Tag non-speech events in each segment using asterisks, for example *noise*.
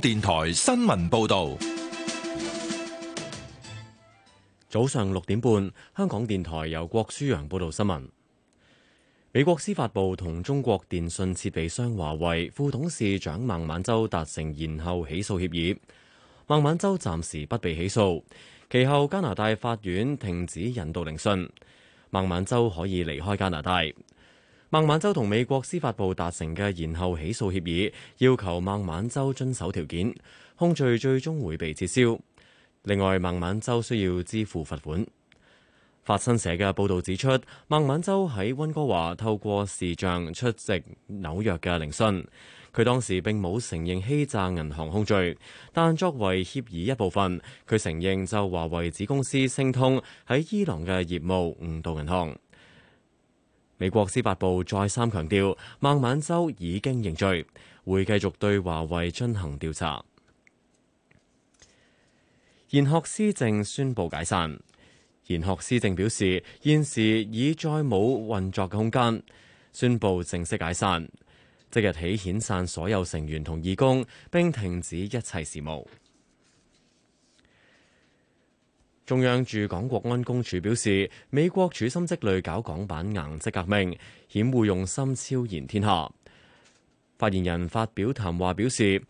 電台新聞報道：早上六點半，香港電台由郭舒揚報道新聞。美國司法部同中國電信設備商華為副董事長孟晚舟達成延後起訴協議，孟晚舟暫時不被起訴。其後，加拿大法院停止引渡聆訊，孟晚舟可以離開加拿大。孟晚舟同美國司法部達成嘅延後起訴協議，要求孟晚舟遵守條件，控罪，最終會被撤銷。另外，孟晚舟需要支付罰款。法新社嘅報道指出，孟晚舟喺温哥華透過視像出席紐約嘅聆訊，佢當時並冇承認欺詐銀行控罪，但作為協議一部分，佢承認就華為子公司星通喺伊朗嘅業務誤導銀行。美國司法部再三強調，孟晚舟已經認罪，會繼續對華為進行調查。賢學思政宣布解散。賢學思政表示，現時已再冇運作嘅空間，宣布正式解散，即日起遣散所有成員同義工，並停止一切事務。中央駐港國安公署表示，美國處心積慮搞港版硬質革命，險惡用心昭然天下。發言人發表談話表示，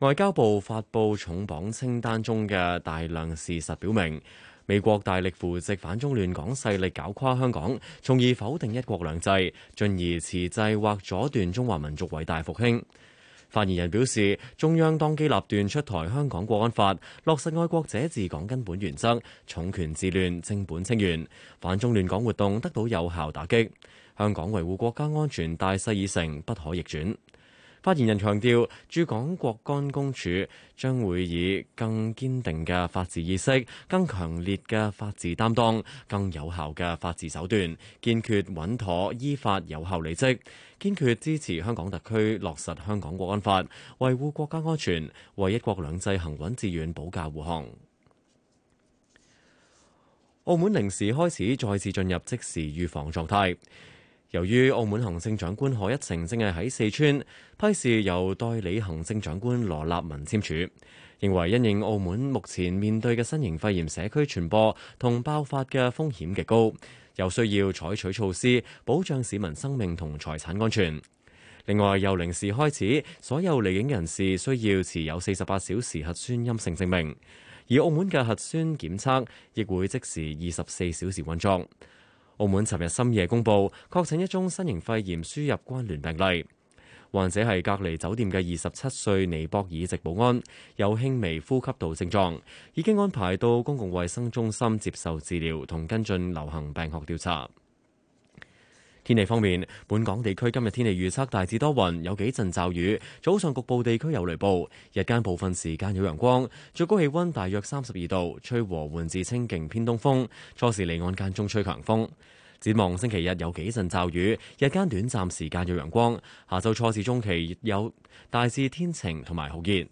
外交部發布重磅清單中嘅大量事實表明，美國大力扶植反中亂港勢力，搞垮香港，從而否定一國兩制，進而遲滯或阻斷中華民族偉大復興。發言人表示，中央當機立斷出台香港國安法，落實愛國者治港根本原則，重拳治亂，正本清源，反中亂港活動得到有效打擊，香港維護國家安全大勢已成，不可逆轉。發言人強調，駐港國安公署將會以更堅定嘅法治意識、更強烈嘅法治擔當、更有效嘅法治手段，堅決穩妥依法有效履職。堅決支持香港特區落實香港國安法，維護國家安全，為一國兩制行穩致遠保駕護航。澳門零時開始再次進入即時預防狀態。由於澳門行政長官賀一誠正係喺四川，批示由代理行政長官羅立文簽署，認為因應澳門目前面對嘅新型肺炎社區傳播同爆發嘅風險極高。又需要採取措施保障市民生命同財產安全。另外，由零時開始，所有離境人士需要持有四十八小時核酸陰性證明。而澳門嘅核酸檢測亦會即時二十四小時運作。澳門尋日深夜公布確診一宗新型肺炎輸入關聯病例。患者係隔離酒店嘅二十七歲尼泊爾籍保安，有輕微呼吸道症狀，已經安排到公共衛生中心接受治療同跟進流行病學調查。天氣方面，本港地區今日天氣預測大致多雲，有幾陣驟雨，早上局部地區有雷暴，日間部分時間有陽光，最高氣溫大約三十二度，吹和緩至清勁偏東風，初時離岸間中吹強風。展望星期日有幾陣驟雨，日間短暫時間有陽光。下周初至中期亦有大致天晴同埋好熱。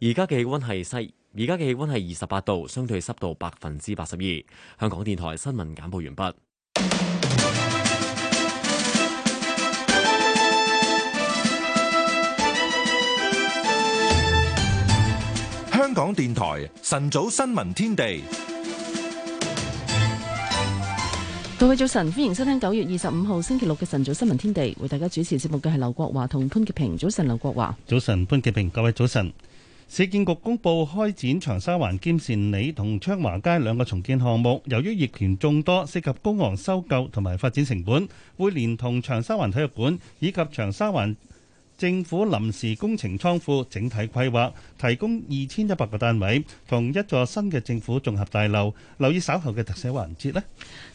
而家嘅氣溫係西，而家嘅氣溫係二十八度，相對濕度百分之八十二。香港電台新聞簡報完畢。香港電台晨早新聞天地。各位早晨，歡迎收聽九月二十五號星期六嘅晨早新聞天地。為大家主持節目嘅係劉國華同潘潔平。早晨，劉國華。早晨，潘潔平。各位早晨。市建局公布開展長沙環、兼善里同昌華街兩個重建項目，由於業權眾多，涉及高昂收購同埋發展成本，會連同長沙環體育館以及長沙環。政府臨時工程倉庫整體規劃提供二千一百個單位，同一座新嘅政府綜合大樓。留意稍後嘅特寫環節呢。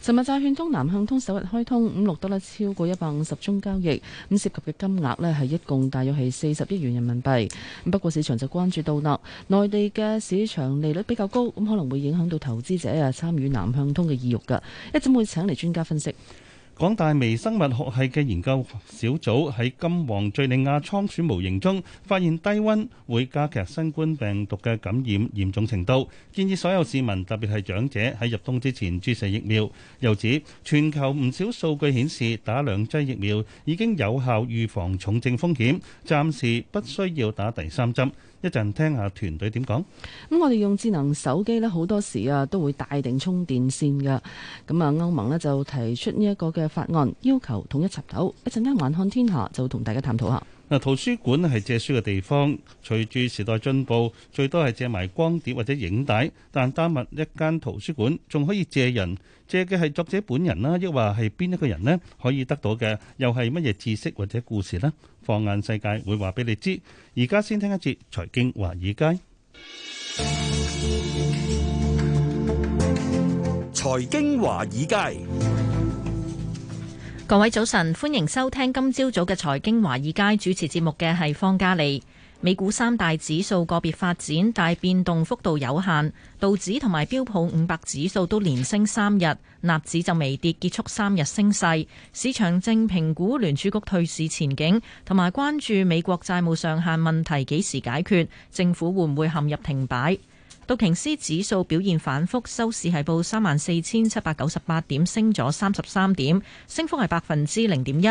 尋日債券通南向通首日開通，咁錄得咧超過一百五十宗交易，咁涉及嘅金額呢，係一共大約係四十億元人民幣。咁不過市場就關注到啦，內地嘅市場利率比較高，咁可能會影響到投資者啊參與南向通嘅意欲㗎。一陣會請嚟專家分析。港大微生物學系嘅研究小組喺金黃敘利亞倉鼠模型中發現，低溫會加劇新冠病毒嘅感染嚴重程度，建議所有市民特別係長者喺入冬之前注射疫苗。又指全球唔少數據顯示，打兩劑疫苗已經有效預防重症風險，暫時不需要打第三針。一陣聽下團隊點講。咁我哋用智能手機咧，好多時啊都會帶定充電線㗎。咁啊，歐盟咧就提出呢一個嘅法案，要求統一插頭。一陣間，晚看天下就同大家探討下。嗱，圖書館係借書嘅地方。隨住時代進步，最多係借埋光碟或者影帶。但丹麥一間圖書館仲可以借人，借嘅係作者本人啦，亦或係邊一個人呢？可以得到嘅又係乜嘢知識或者故事呢？放眼世界會話俾你知。而家先聽一節《財經華爾街》。《財經華爾街》各位早晨，歡迎收聽今朝早嘅《財經華爾街》，主持節目嘅係方嘉莉。美股三大指數個別發展，大變動幅度有限，道指同埋標普五百指數都連升三日，納指就微跌，結束三日升勢。市場正評估聯儲局退市前景，同埋關注美國債務上限問題幾時解決，政府會唔會陷入停擺？道瓊斯指數表現反覆，收市係報三萬四千七百九十八點，升咗三十三點，升幅係百分之零點一。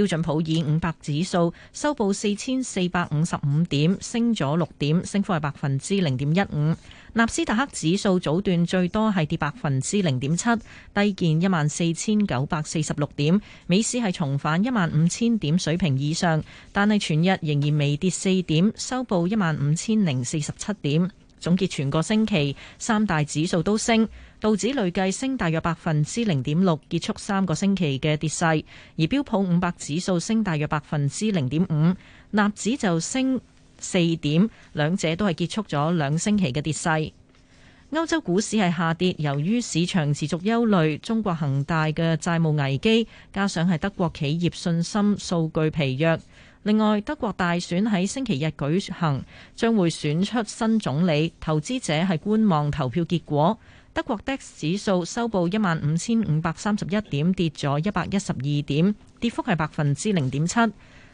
標準普爾五百指數收報四千四百五十五點，升咗六點，升幅係百分之零點一五。納斯達克指數早段最多係跌百分之零點七，低見一萬四千九百四十六點，美市係重返一萬五千點水平以上，但係全日仍然未跌四點，收報一萬五千零四十七點。總結全個星期，三大指數都升，道指累計升大約百分之零點六，結束三個星期嘅跌勢；而標普五百指數升大約百分之零點五，納指就升四點，兩者都係結束咗兩星期嘅跌勢。歐洲股市係下跌，由於市場持續憂慮中國恒大嘅債務危機，加上係德國企業信心數據疲弱。另外，德國大選喺星期日舉行，將會選出新總理。投資者係觀望投票結果。德國 DAX 指數收報一萬五千五百三十一點，跌咗一百一十二點，跌幅係百分之零點七。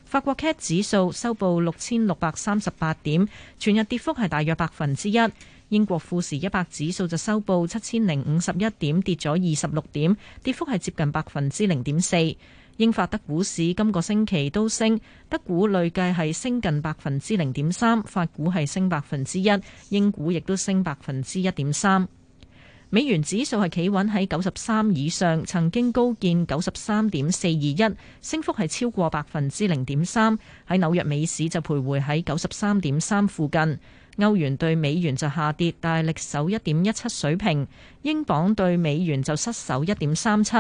法國 CAC 指數收報六千六百三十八點，全日跌幅係大約百分之一。英國富時一百指數就收報七千零五十一點，跌咗二十六點，跌幅係接近百分之零點四。英法德股市今個星期都升，德股累計係升近百分之零點三，法股係升百分之一，英股亦都升百分之一點三。美元指數係企穩喺九十三以上，曾經高見九十三點四二一，升幅係超過百分之零點三。喺紐約美市就徘徊喺九十三點三附近，歐元對美元就下跌，但係力守一點一七水平，英鎊對美元就失守一點三七。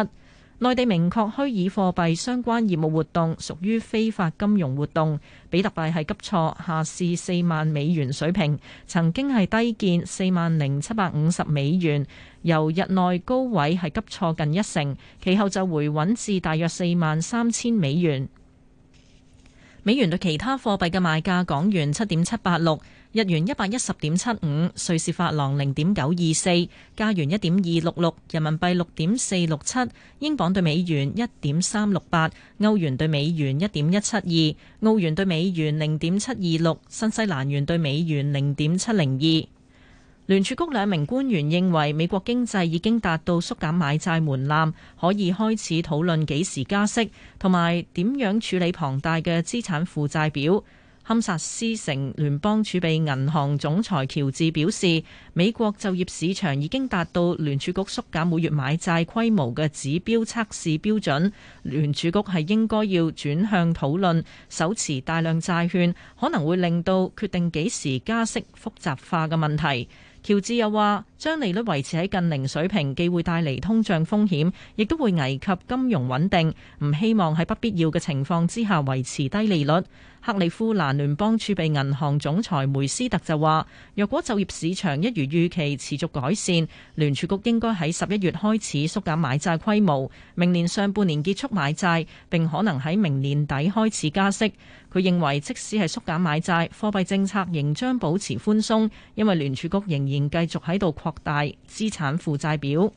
內地明確虛擬貨幣相關業務活動屬於非法金融活動。比特幣係急挫，下試四萬美元水平，曾經係低見四萬零七百五十美元，由日內高位係急挫近一成，其後就回穩至大約四萬三千美元。美元對其他貨幣嘅賣價：港元七點七八六，日元一百一十點七五，瑞士法郎零點九二四，加元一點二六六，人民幣六點四六七，英鎊對美元一點三六八，歐元對美元一點一七二，澳元對美元零點七二六，新西蘭元對美元零點七零二。聯儲局兩名官員認為，美國經濟已經達到縮減買債門檻，可以開始討論幾時加息，同埋點樣處理龐大嘅資產負債表。堪薩斯城聯邦儲備銀行總裁喬治表示，美國就業市場已經達到聯儲局縮減每月買債規模嘅指標測試標準。聯儲局係應該要轉向討論手持大量債券可能會令到決定幾時加息複雜化嘅問題。喬治又話，將利率維持喺近零水平，既會帶嚟通脹風險，亦都會危及金融穩定。唔希望喺不必要嘅情況之下維持低利率。克里夫蘭聯邦儲備銀行總裁梅斯特就話：若果就業市場一如預期持續改善，聯儲局應該喺十一月開始縮減買債規模，明年上半年結束買債，並可能喺明年底開始加息。佢認為，即使係縮減買債，貨幣政策仍將保持寬鬆，因為聯儲局仍然繼續喺度擴大資產負債表，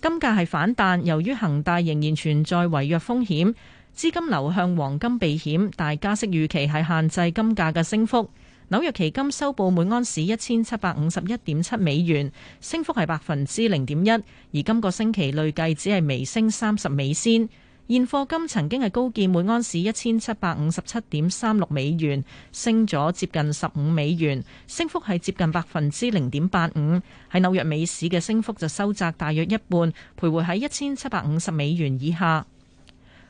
金價係反彈，由於恒大仍然存在違約風險，資金流向黃金避險，但加息預期係限制金價嘅升幅。紐約期金收報每安士一千七百五十一點七美元，升幅係百分之零點一，而今個星期累計只係微升三十美仙。現貨金曾經係高見每盎司一千七百五十七點三六美元，升咗接近十五美元，升幅係接近百分之零點八五。喺紐約美市嘅升幅就收窄，大約一半，徘徊喺一千七百五十美元以下。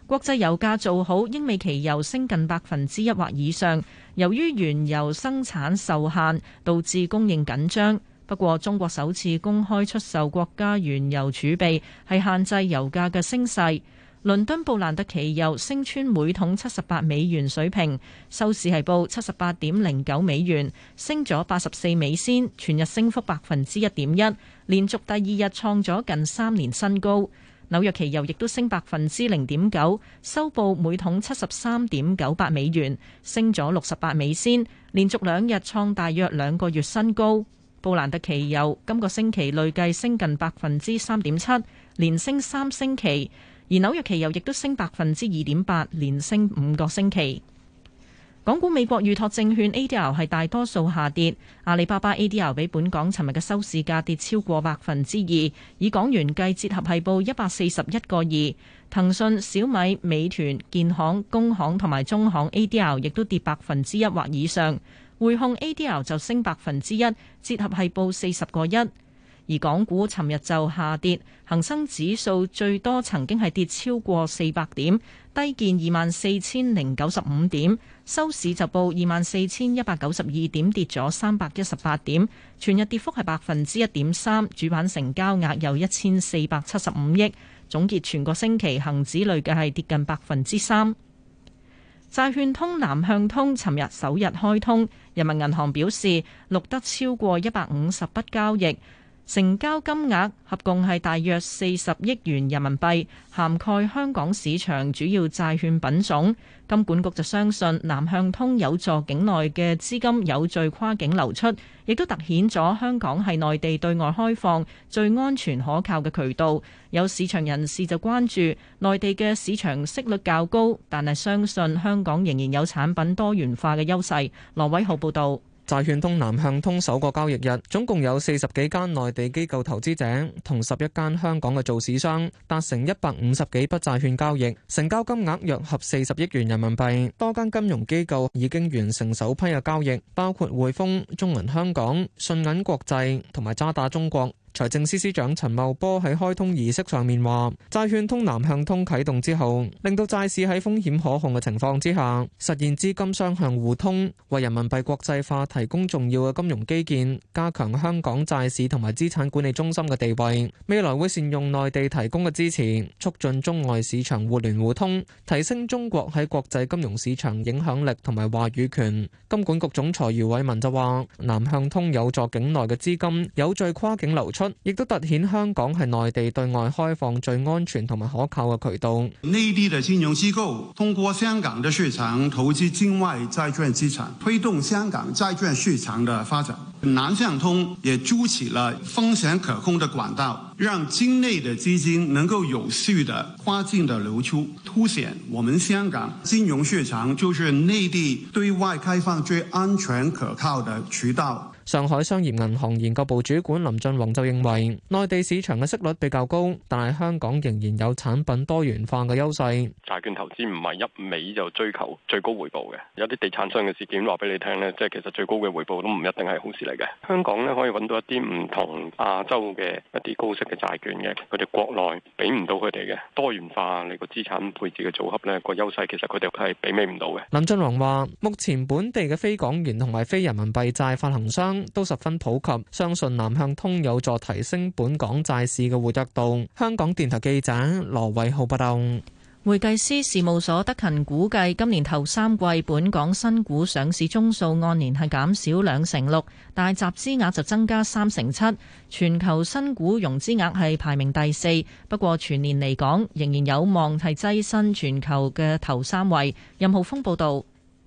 國際油價做好，英美期油升近百分之一或以上，由於原油生產受限，導致供應緊張。不過，中國首次公開出售國家原油儲備，係限制油價嘅升勢。倫敦布蘭特期油升穿每桶七十八美元水平，收市係報七十八點零九美元，升咗八十四美仙，全日升幅百分之一點一，連續第二日創咗近三年新高。紐約期油亦都升百分之零點九，收報每桶七十三點九八美元，升咗六十八美仙，連續兩日創大約兩個月新高。布蘭特期油今個星期累計升近百分之三點七，連升三星期。而紐約期油亦都升百分之二點八，連升五個星期。港股美國預託證券 ADR 係大多數下跌，阿里巴巴 ADR 比本港尋日嘅收市價跌超過百分之二，以港元計，折合係報一百四十一個二。騰訊、小米、美團、建行、工行同埋中行 ADR 亦都跌百分之一或以上，匯控 ADR 就升百分之一，折合係報四十個一。而港股尋日就下跌，恒生指數最多曾經係跌超過四百點，低見二萬四千零九十五點，收市就報二萬四千一百九十二點，跌咗三百一十八點，全日跌幅係百分之一點三。主板成交額有一千四百七十五億，總結全個星期恒指累計係跌近百分之三。債券通南向通尋日首日開通，人民銀行表示錄得超過一百五十筆交易。成交金額合共係大約四十億元人民幣，涵蓋香港市場主要債券品種，金管局就相信南向通有助境內嘅資金有序跨境流出，亦都凸顯咗香港係內地對外開放最安全可靠嘅渠道。有市場人士就關注內地嘅市場息率較高，但係相信香港仍然有產品多元化嘅優勢，羅偉浩報道。債券通南向通首個交易日，總共有四十幾間內地機構投資者同十一間香港嘅造市商達成一百五十幾筆債券交易，成交金額約合四十億元人民幣。多間金融機構已經完成首批嘅交易，包括匯豐、中銀香港、信銀國際同埋渣打中國。財政司司長陳茂波喺開通儀式上面話：債券通南向通啟動之後，令到債市喺風險可控嘅情況之下，實現資金雙向互通，為人民幣國際化提供重要嘅金融基建，加強香港債市同埋資產管理中心嘅地位。未來會善用內地提供嘅支持，促進中外市場互聯互通，提升中國喺國際金融市場影響力同埋話語權。金管局總裁余偉文就話：南向通有助境內嘅資金有序跨境流亦都突顯香港係內地對外開放最安全同埋可靠嘅渠道。內地嘅金融機構通過香港嘅市場投資境外債券資產，推動香港債券市場嘅發展。南向通也築起了風險可控的管道，讓境內嘅資金能夠有序的跨境的流出，凸顯我們香港金融市場就是內地對外開放最安全可靠的渠道。上海商業銀行研究部主管林俊宏就認為，內地市場嘅息率比較高，但係香港仍然有產品多元化嘅優勢。債券投資唔係一味就追求最高回報嘅，有啲地產商嘅事件話俾你聽咧，即係其實最高嘅回報都唔一定係好事嚟嘅。香港咧可以搵到一啲唔同亞洲嘅一啲高息嘅債券嘅，佢哋國內俾唔到佢哋嘅多元化，你個資產配置嘅組合咧個優勢，其實佢哋係媲美唔到嘅。林俊宏話：目前本地嘅非港元同埋非人民幣債發行商。都十分普及，相信南向通有助提升本港債市嘅活躍度。香港電台記者羅偉浩報道。會計師事務所德勤估計，今年頭三季本港新股上市宗數按年係減少兩成六，但係集資額就增加三成七。全球新股融資額係排名第四，不過全年嚟講，仍然有望係躋身全球嘅頭三位。任浩峰報道。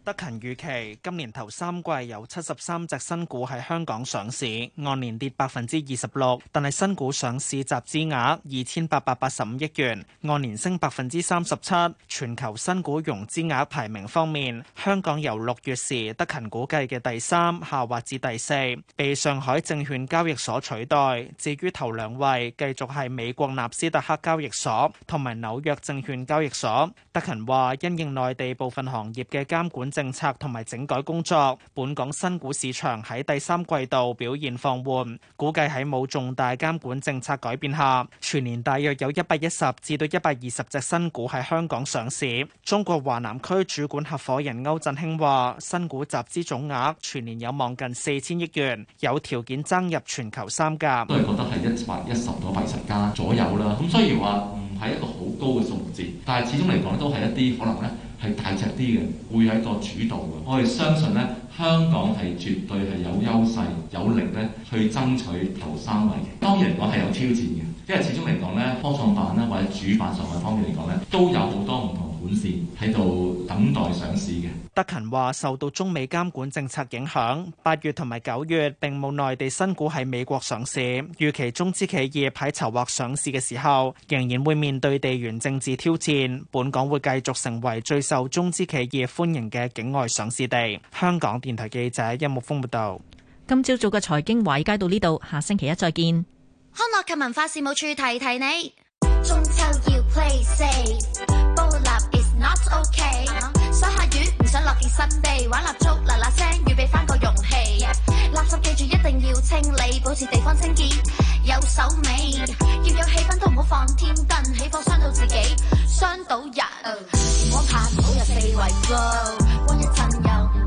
德勤預期今年頭三季有七十三隻新股喺香港上市，按年跌百分之二十六，但係新股上市集資額二千八百八十五億元，按年升百分之三十七。全球新股融資額排名方面，香港由六月時德勤估計嘅第三下滑至第四，被上海證券交易所取代。至於頭兩位繼續係美國納斯達克交易所同埋紐約證券交易所。德勤話，因應內地部分行業嘅監管。政策同埋整改工作，本港新股市場喺第三季度表現放緩，估計喺冇重大監管政策改變下，全年大約有一百一十至到一百二十隻新股喺香港上市。中國華南區主管合夥人歐振興話，新股集資總額全年有望近四千億元，有條件增入全球三甲。都係覺得係一百一十到一百十家左右啦。咁雖然話唔係一個好高嘅數字，但係始終嚟講都係一啲可能呢。係大隻啲嘅，會有一個主導嘅。我哋相信咧。 *noise* *noise* *noise* 香港係絕對係有優勢、有力咧去爭取頭三位嘅。當然嚟講係有挑戰嘅，因為始終嚟講呢科創板咧或者主板上嘅方面嚟講呢都有好多唔同管線喺度等待上市嘅。德勤話受到中美監管政策影響，八月同埋九月並冇內地新股喺美國上市。預期中資企業喺籌劃上市嘅時候，仍然會面對地緣政治挑戰。本港會繼續成為最受中資企業歡迎嘅境外上市地。香港。電台記者殷木鋒報道。今朝早嘅財經華爾街到呢度，下星期一再見。康樂及文化事務處提提你。中秋要 play safe，煲蠟 is not okay 想下雨唔想落件新被，玩蠟燭喇喇聲，預備翻個容器。垃圾記住一定要清理，保持地方清潔。有手尾，要有氣氛都唔好放天燈，起火傷到自己，傷到人。唔、呃、好怕，每人，四圍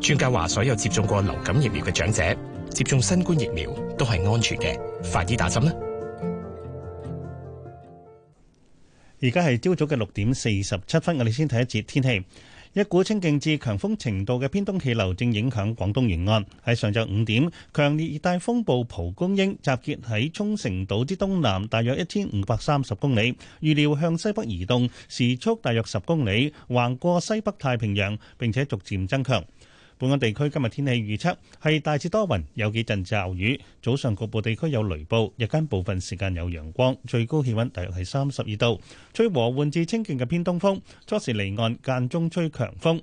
專家話：所有接種過流感疫苗嘅長者接種新冠疫苗都係安全嘅，快啲打針啦！而家係朝早嘅六點四十七分，我哋先睇一節天氣。一股清勁至強風程度嘅偏東氣流正影響廣東沿岸。喺上晝五點，強烈熱帶風暴蒲公英集結喺沖繩島之東南，大約一千五百三十公里，預料向西北移動，時速大約十公里，橫過西北太平洋，並且逐漸增強。本港地區今日天，天氣預測係大致多雲，有幾陣驟雨，早上局部地區有雷暴，日間部分時間有陽光，最高氣溫大約係三十二度，吹和緩至清勁嘅偏東風，初時離岸間中吹強風。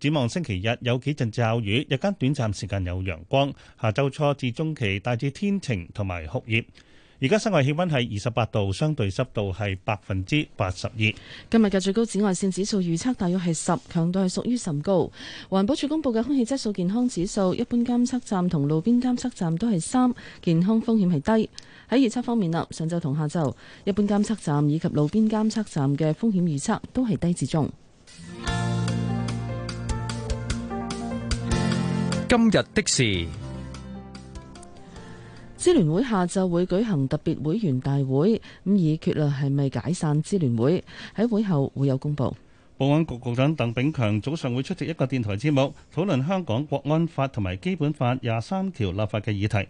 展望星期日有幾陣驟雨，日間短暫時間有陽光，下周初至中期大致天晴同埋酷熱。而家室外氣溫係二十八度，相對濕度係百分之八十二。今日嘅最高紫外線指數預測大約係十，強度係屬於甚高。環保署公布嘅空氣質素健康指數，一般監測站同路邊監測站都係三，健康風險係低。喺預測方面啦，上晝同下晝，一般監測站以及路邊監測站嘅風險預測都係低至中。今日的事。支聯會下晝會舉行特別會員大會，咁以決論係咪解散支聯會？喺會後會有公布。保安局局長鄧炳強早上會出席一個電台節目，討論香港國安法同埋基本法廿三條立法嘅議題。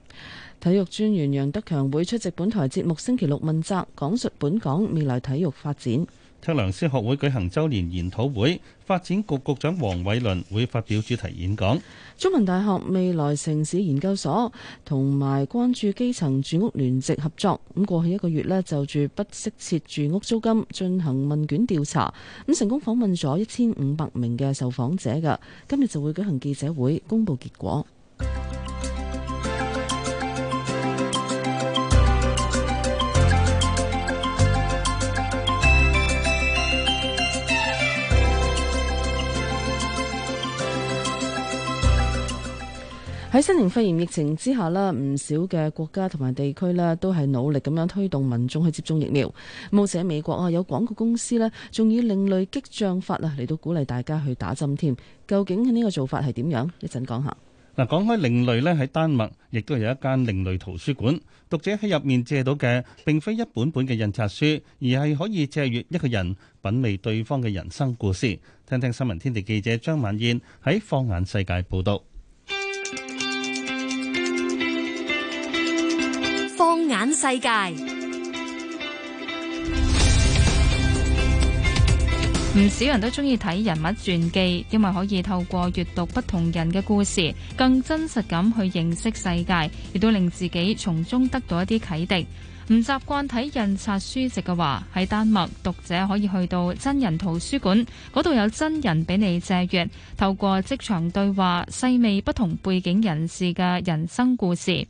體育專員楊德強會出席本台節目星期六問責，講述本港未來體育發展。測量師學會舉行周年研討會，發展局局，局長黃偉綸會發表主題演講。中文大學未來城市研究所同埋關注基層住屋聯席合作，咁過去一個月呢就住不適切住屋租金進行問卷調查，咁成功訪問咗一千五百名嘅受訪者㗎，今日就會舉行記者會公布結果。喺新型肺炎疫情之下啦，唔少嘅國家同埋地區咧，都係努力咁樣推動民眾去接種疫苗。冇者，美國啊，有廣告公司咧，仲以另類激將法啊嚟到鼓勵大家去打針添。究竟呢個做法係點樣？一陣講下。嗱，講開另類咧，喺丹麥亦都有一間另類圖書館，讀者喺入面借到嘅，并非一本本嘅印刷書，而係可以借閱一個人品味對方嘅人生故事。聽聽新聞天地記者張敏燕喺放眼世界報道。眼世界，唔少人都中意睇人物傳記，因為可以透過閱讀不同人嘅故事，更真實咁去認識世界，亦都令自己從中得到一啲啟迪。唔習慣睇印刷書籍嘅話，喺丹麥，讀者可以去到真人圖書館，嗰度有真人俾你借閱，透過職場對話，細味不同背景人士嘅人生故事。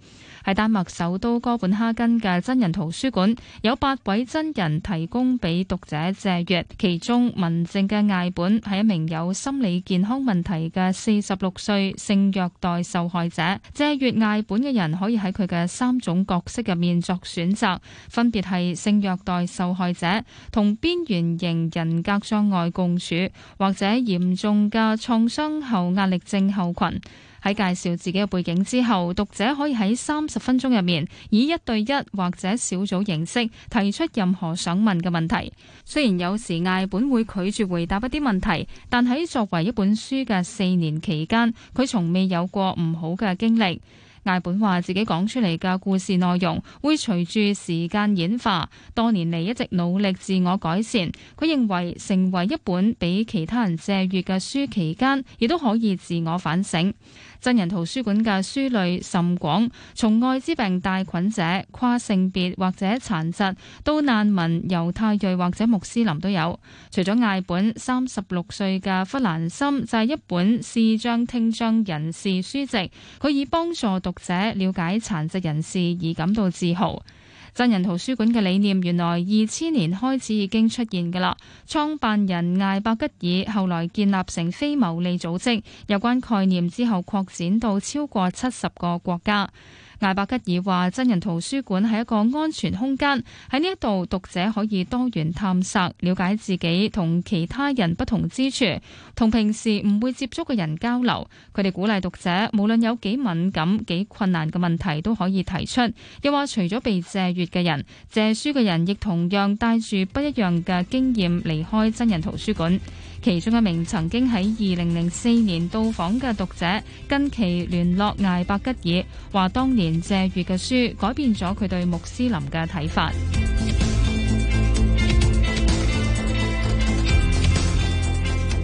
喺丹麥首都哥本哈根嘅真人圖書館有八位真人提供俾讀者借閱，其中文靜嘅艾本係一名有心理健康問題嘅四十六歲性虐待受害者。借閱艾本嘅人可以喺佢嘅三種角色入面作選擇，分別係性虐待受害者、同邊緣型人格障礙共處或者嚴重嘅創傷後壓力症候群。喺介紹自己嘅背景之後，讀者可以喺三十分鐘入面以一對一或者小組形式提出任何想問嘅問題。雖然有時艾本會拒絕回答一啲問題，但喺作為一本書嘅四年期間，佢從未有過唔好嘅經歷。艾本話：自己講出嚟嘅故事內容會隨住時間演化，多年嚟一直努力自我改善。佢認為成為一本俾其他人借閱嘅書期間，亦都可以自我反省。真人圖書館嘅書類甚廣，從艾滋病帶菌者、跨性別或者殘疾到難民、猶太裔或者穆斯林都有。除咗艾本，三十六歲嘅弗蘭森就係、是、一本視障聽障人士書籍，佢以幫助讀者了解殘疾人士而感到自豪。真人圖書館嘅理念原來二千年開始已經出現㗎喇，創辦人艾伯吉爾後來建立成非牟利組織，有關概念之後擴展到超過七十個國家。艾伯吉爾話：真人圖書館係一個安全空間，喺呢一度讀者可以多元探索，了解自己同其他人不同之處，同平時唔會接觸嘅人交流。佢哋鼓勵讀者，無論有幾敏感、幾困難嘅問題都可以提出。又話，除咗被借閱嘅人，借書嘅人亦同樣帶住不一樣嘅經驗離開真人圖書館。其中一名曾經喺二零零四年到訪嘅讀者，近期聯絡艾伯吉爾，話當年借閱嘅書改變咗佢對穆斯林嘅睇法。 *music*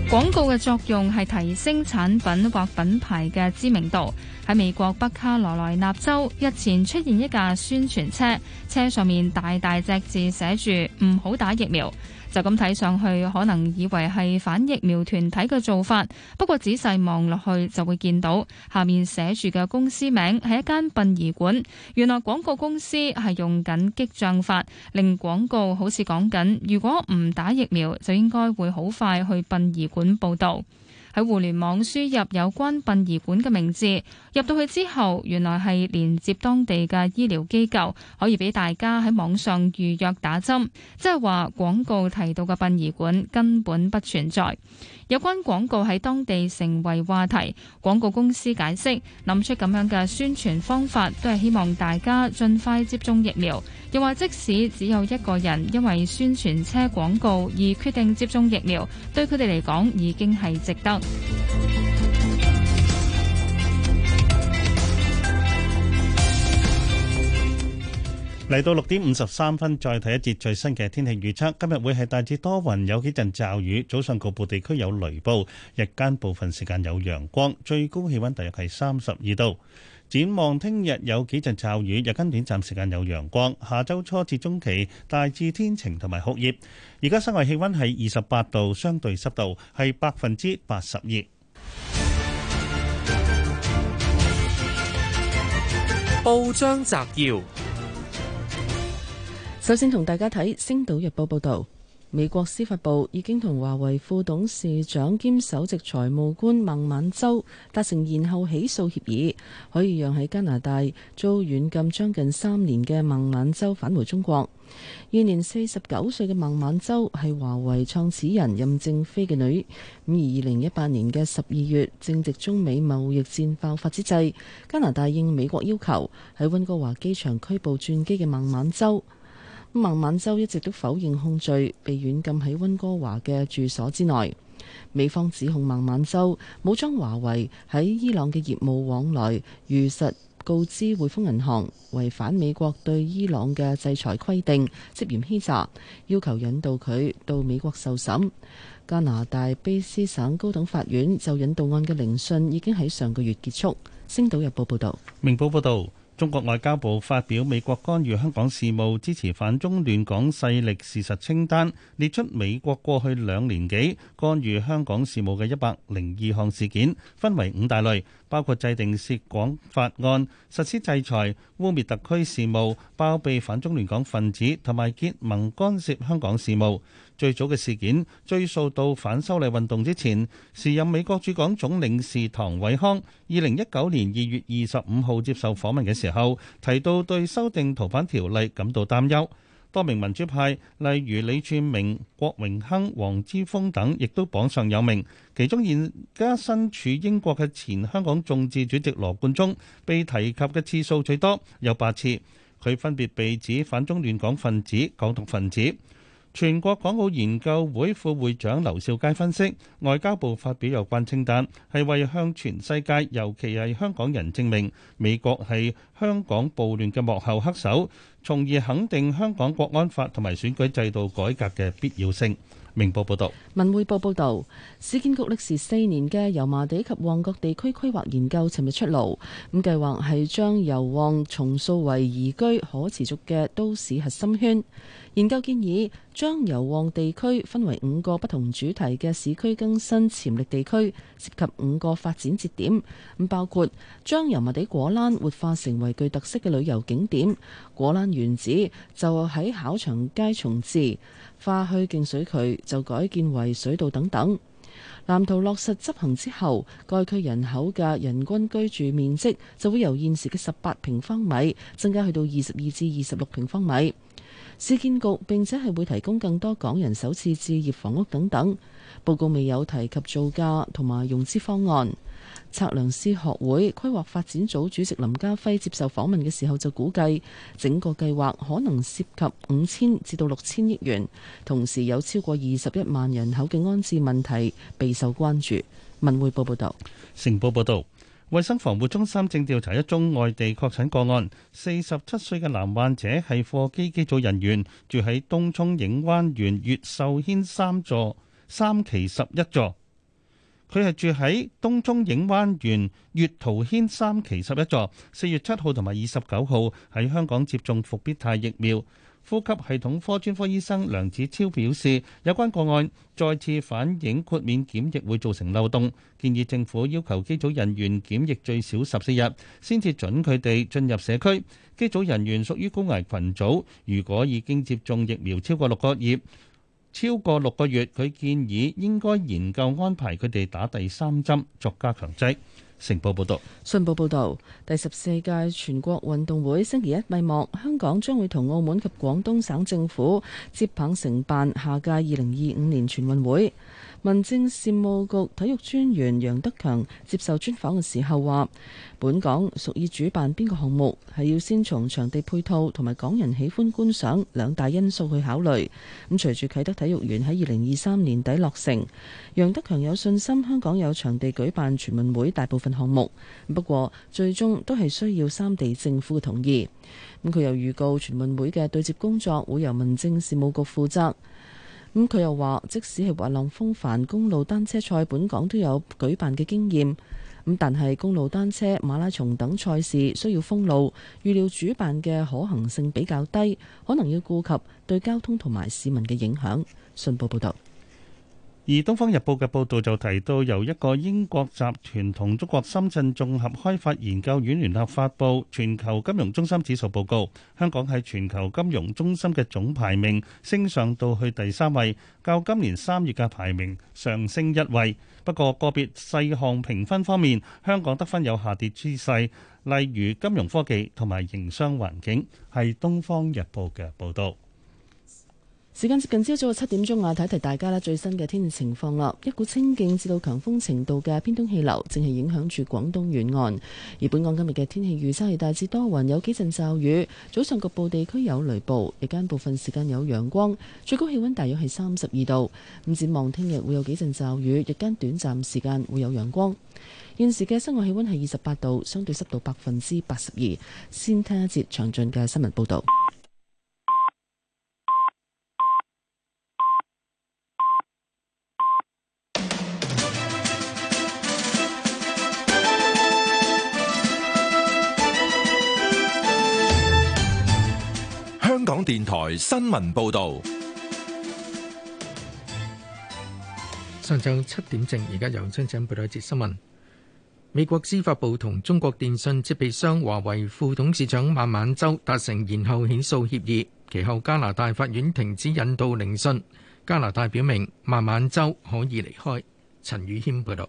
廣告嘅作用係提升產品或品牌嘅知名度。喺美國北卡羅來納州日前出現一架宣傳車，車上面大大隻字寫住唔好打疫苗。就咁睇上去，可能以為係反疫苗團體嘅做法。不過仔細望落去，就會見到下面寫住嘅公司名係一間殯儀館。原來廣告公司係用緊激將法，令廣告好似講緊：如果唔打疫苗，就應該會好快去殯儀館報到。喺互聯網輸入有關殯儀館嘅名字，入到去之後，原來係連接當地嘅醫療機構，可以俾大家喺網上預約打針。即係話廣告提到嘅殯儀館根本不存在。有關廣告喺當地成為話題，廣告公司解釋，諗出咁樣嘅宣傳方法，都係希望大家盡快接種疫苗。又話即使只有一個人因為宣傳車廣告而決定接種疫苗，對佢哋嚟講已經係值得。嚟到六點五十三分，再睇一節最新嘅天氣預測。今日會係大致多雲，有幾陣驟雨，早上局部地區有雷暴，日間部分時間有陽光，最高氣溫大約係三十二度。展望聽日有幾陣驟雨，日間短暫時間有陽光。下週初至中期大致天晴同埋酷熱。而家室外氣温係二十八度，相對濕度係百分之八十二。報章摘要，首先同大家睇《星島日報》報道。美國司法部已經同華為副董事長兼首席財務官孟晚舟達成延後起訴協議，可以讓喺加拿大遭軟禁將近三年嘅孟晚舟返回中國。現年四十九歲嘅孟晚舟係華為創始人任正非嘅女。咁而二零一八年嘅十二月，正值中美貿易戰爆發之際，加拿大應美國要求喺温哥華機場拘捕轉機嘅孟晚舟。孟晚舟一直都否認控罪，被軟禁喺温哥華嘅住所之內，美方指控孟晚舟冇將華為喺伊朗嘅業務往來如實告知匯豐銀行，違反美國對伊朗嘅制裁規定，涉嫌欺詐，要求引渡佢到美國受審。加拿大卑斯省高等法院就引渡案嘅聆訊已經喺上個月結束。星島日報報道。明報報道。中國外交部發表美國干預香港事務、支持反中亂港勢力事實清單，列出美國過去兩年幾干預香港事務嘅一百零二項事件，分為五大類，包括制定涉港法案、實施制裁、污蔑特區事務、包庇反中亂港分子同埋結盟干涉香港事務。最早嘅事件追溯到反修例運動之前，時任美國駐港總領事唐偉康，二零一九年二月二十五號接受訪問嘅時候，提到對修訂逃犯條例感到擔憂，多名民主派，例如李柱銘、郭榮鏗、黃之鋒等，亦都榜上有名。其中現家身處英國嘅前香港眾志主席羅冠聰，被提及嘅次數最多，有八次。佢分別被指反中亂港分子、港獨分子。全國港澳研究會副會長劉少佳分析，外交部發表有關清單，係為向全世界，尤其係香港人證明美國係香港暴亂嘅幕後黑手，從而肯定香港國安法同埋選舉制度改革嘅必要性。明報報導，文匯報報導，市建局歷時四年嘅油麻地及旺角地區規劃研究，尋日出爐。咁計劃係將油旺重塑為宜居、可持續嘅都市核心圈。研究建議將油旺地區分為五個不同主題嘅市區更新潛力地區，涉及五個發展節點。咁包括將油麻地果欄活化成為具特色嘅旅遊景點，果欄原址就喺考場街重置。花墟徑水渠就改建為水道等等，藍圖落實執行之後，該區人口嘅人均居住面積就會由現時嘅十八平方米增加去到二十二至二十六平方米。市建局並且係會提供更多港人首次置業房屋等等。報告未有提及造價同埋融資方案。測量師學會規劃發展組主席林家輝接受訪問嘅時候就估計，整個計劃可能涉及五千至到六千億元，同時有超過二十一萬人口嘅安置問題備受關注。文匯報報道，成報報道，衛生防護中心正調查一宗外地確診個案，四十七歲嘅男患者係貨機機組人員，住喺東涌影灣園悅壽軒三座三期十一座。佢係住喺東涌影灣園悅濤軒三期十一座，四月七號同埋二十九號喺香港接種復必泰疫苗。呼吸系統科專科醫生梁子超表示，有關個案再次反映豁免檢疫會造成漏洞，建議政府要求機組人員檢疫最少十四日，先至准佢哋進入社區。機組人員屬於高危群組，如果已經接種疫苗超過六個月。超過六個月，佢建議應該研究安排佢哋打第三針作加強劑。成報報道，信報報道：「第十四屆全國運動會星期一閉幕，香港將會同澳門及廣東省政府接棒承辦下屆二零二五年全運會。」民政事務局體育專員楊德強接受專訪嘅時候話，本港屬意主辦邊個項目，係要先從場地配套同埋港人喜歡觀賞兩大因素去考慮，咁隨住啟德體育園喺二零二三年底落成，楊德強有信心香港有場地舉辦全運會大部分項目。不過最終都係需要三地政府嘅同意。咁佢又預告全運會嘅對接工作會由民政事務局負責。咁佢、嗯、又話，即使係滑浪風帆公路單車賽，本港都有舉辦嘅經驗。咁、嗯、但係公路單車、馬拉松等賽事需要封路，預料主辦嘅可行性比較低，可能要顧及對交通同埋市民嘅影響。信報報道。而《東方日報》嘅報道就提到，由一個英國集團同中國深圳綜合開發研究院聯合發布《全球金融中心指數報告》，香港係全球金融中心嘅總排名升上到去第三位，較今年三月嘅排名上升一位。不過，個別細項評分方面，香港得分有下跌趨勢，例如金融科技同埋營商環境。係《東方日報》嘅報道。時間接近朝早嘅七點鐘啊，提提大家啦，最新嘅天氣情況啦。一股清勁至到強風程度嘅偏東氣流正係影響住廣東沿岸。而本港今日嘅天氣預測係大致多雲，有幾陣驟雨，早上局部地區有雷暴，日間部分時間有陽光，最高氣溫大約係三十二度。咁展望聽日會有幾陣驟雨，日間短暫時間會有陽光。現時嘅室外氣溫係二十八度，相對濕度百分之八十二。先聽一節詳盡嘅新聞報道。香港電台新聞報道，上晝七點正，而家由張子欣報道一節新聞。美國司法部同中國電信設備商華為副董事長孟晚舟達成延後起訴協議，其後加拿大法院停止引渡聆訊。加拿大表明孟晚舟可以離開。陳宇謙報道。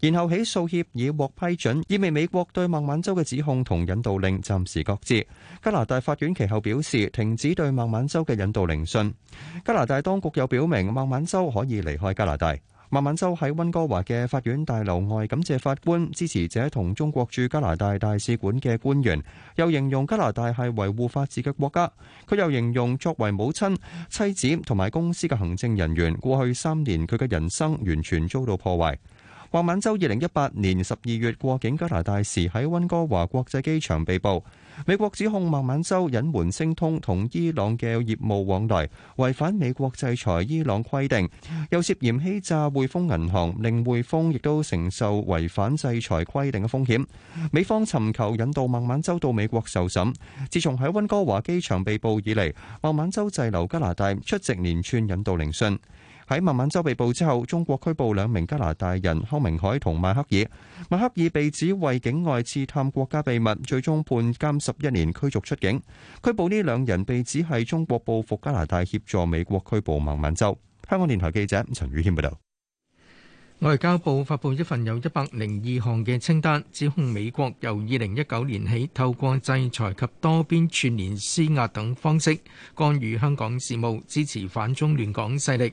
然後起訴協議獲批准，意味美國對孟晚舟嘅指控同引渡令暫時擱置。加拿大法院其後表示停止對孟晚舟嘅引渡聆訊。加拿大當局又表明孟晚舟可以離開加拿大。孟晚舟喺溫哥華嘅法院大樓外感謝法官、支持者同中國駐加拿大大使館嘅官員，又形容加拿大係維護法治嘅國家。佢又形容作為母親、妻子同埋公司嘅行政人員，過去三年佢嘅人生完全遭到破壞。孟晚舟二零一八年十二月過境加拿大時，喺溫哥華國際機場被捕。美國指控孟晚舟隱瞞星通同伊朗嘅業務往來，違反美國制裁伊朗規定，又涉嫌欺詐匯豐銀行，令匯豐亦都承受違反制裁規定嘅風險。美方尋求引渡孟晚舟到美國受審。自從喺溫哥華機場被捕以嚟，孟晚舟滯留加拿大，出席連串引渡聆訊。喺孟晚舟被捕之後，中國拘捕兩名加拿大人康明凱同麥克爾。麥克爾被指為境外刺探國家秘密，最終判監十一年，驅逐出境。拘捕呢兩人被指係中國報復加拿大協助美國拘捕孟晚舟。香港電台記者陳宇謙報導。外交部發布一份有一百零二項嘅清單，指控美國由二零一九年起透過制裁及多邊串聯施壓等方式，干預香港事務，支持反中亂港勢力。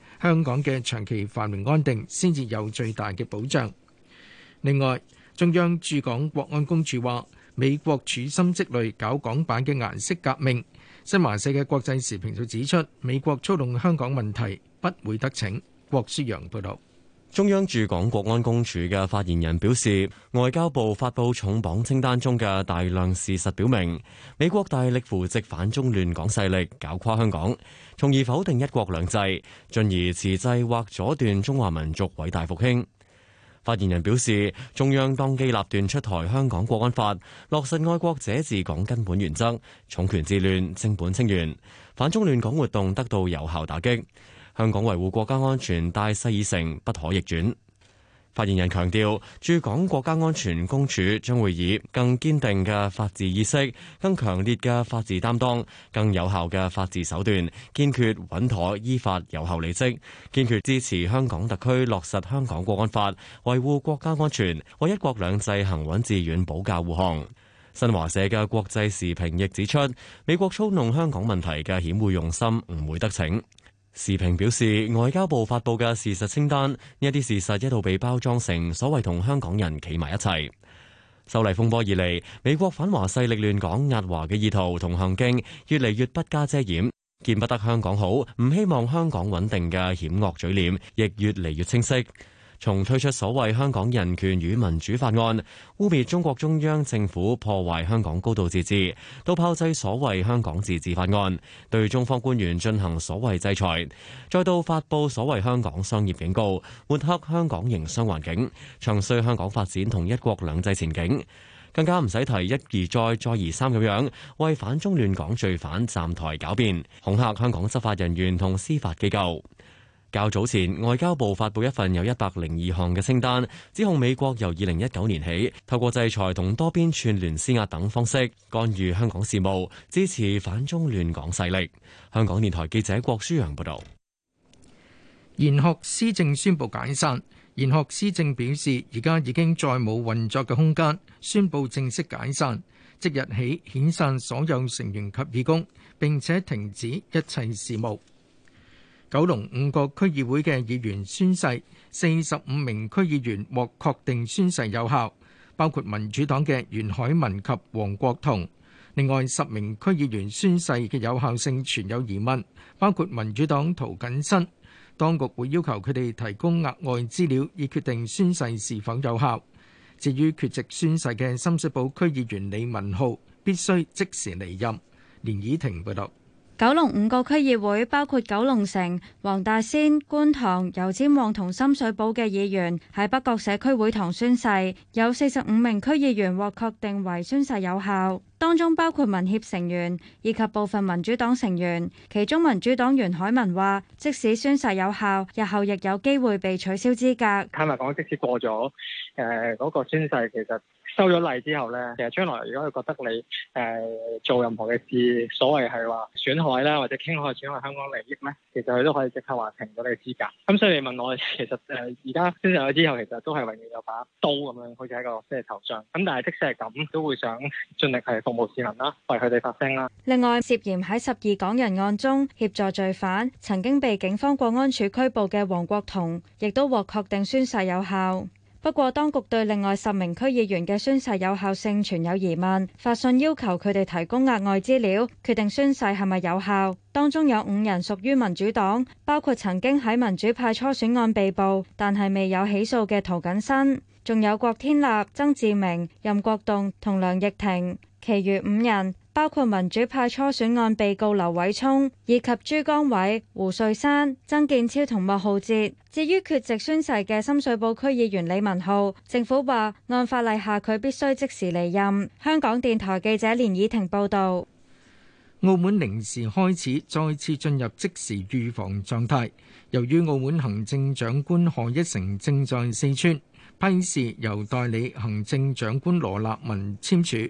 香港嘅長期繁榮安定先至有最大嘅保障。另外，中央駐港國安公署話：美國處心積慮搞港版嘅顏色革命。新華社嘅國際時評就指出，美國操弄香港問題不會得逞。郭舒揚報道。中央駐港國安公署嘅發言人表示，外交部發布重磅清單中嘅大量事實表明，美國大力扶植反中亂港勢力，搞垮香港，從而否定一國兩制，進而遲滯或阻斷中華民族偉大復興。發言人表示，中央當機立斷出台香港國安法，落實愛國者治港根本原則，重拳治亂，正本清源，反中亂港活動得到有效打擊。香港維護國家安全大勢已成，不可逆轉。發言人強調，駐港國家安全公署將會以更堅定嘅法治意識、更強烈嘅法治擔當、更有效嘅法治手段，堅決穩妥依法有效履職，堅決支持香港特區落實《香港國安法》，維護國家安全，為一國兩制行穩致遠保駕護航。新華社嘅國際時評亦指出，美國操弄香港問題嘅險惡用心唔會得逞。時評表示，外交部發佈嘅事實清單，呢一啲事實一度被包裝成所謂同香港人企埋一齊。修例風波以嚟，美國反華勢力亂港壓華嘅意圖同行徑，越嚟越不加遮掩，見不得香港好，唔希望香港穩定嘅險惡嘴臉，亦越嚟越清晰。從推出所謂香港人權與民主法案，污蔑中國中央政府破壞香港高度自治，到炮製所謂香港自治法案，對中方官員進行所謂制裁，再到發布所謂香港商業警告，抹黑香港營商環境，唱衰香港發展同一國兩制前景，更加唔使提一而再再而三咁樣為反中亂港罪犯站台狡辯、恐嚇香港執法人員同司法機構。較早前，外交部發布一份有一百零二項嘅清單，指控美國由二零一九年起，透過制裁同多邊串聯施壓等方式，干預香港事務，支持反中亂港勢力。香港電台記者郭舒揚報道：「賢學思政宣布解散。」賢學思政表示，而家已經再冇運作嘅空間，宣布正式解散，即日起遣散所有成員及義工，並且停止一切事務。九龍五個區議會嘅議員宣誓，四十五名區議員獲確定宣誓有效，包括民主黨嘅袁海文及黃國同。另外十名區議員宣誓嘅有效性存有疑問，包括民主黨陶謹新。當局會要求佢哋提供額外資料，以決定宣誓是否有效。至於缺席宣誓嘅深水埗區議員李文浩，必須即時離任。連倚婷報導。九龍五個區議會包括九龍城、黃大仙、觀塘、油尖旺同深水埗嘅議員喺北角社區會堂宣誓，有四十五名區議員獲確定為宣誓有效，當中包括民協成員以及部分民主黨成員。其中民主黨袁海文話：即使宣誓有效，日後亦有機會被取消資格。坦白講，即使過咗誒嗰個宣誓，其實。收咗例之後咧，其實將來如果佢覺得你誒做任何嘅事，所謂係話損害啦，或者傾害損害香港利益咧，其實佢都可以即刻話停咗你嘅資格。咁所以你問我其實誒而家先上去之後，其實都係永遠有把刀咁樣，好似喺個即係頭上。咁但係即使係咁，都會想盡力係服務市民啦，為佢哋發聲啦。另外，涉嫌喺十二港人案中協助罪犯，曾經被警方國安處拘捕嘅黃國同，亦都獲確定宣誓有效。不過，當局對另外十名區議員嘅宣誓有效性存有疑問，發信要求佢哋提供額外資料，決定宣誓係咪有效。當中有五人屬於民主黨，包括曾經喺民主派初選案被捕，但係未有起訴嘅涂謹申，仲有郭天立、曾志明、任國棟同梁亦廷，其餘五人。包括民主派初選案被告劉偉聰以及朱江偉、胡瑞山、曾建超同莫浩哲。至於缺席宣誓嘅深水埗區議員李文浩，政府話按法例下佢必須即時離任。香港電台記者連倚婷報道。澳門零時開始再次進入即時預防狀態。由於澳門行政長官賀一誠正在四川，批示由代理行政長官羅立文簽署。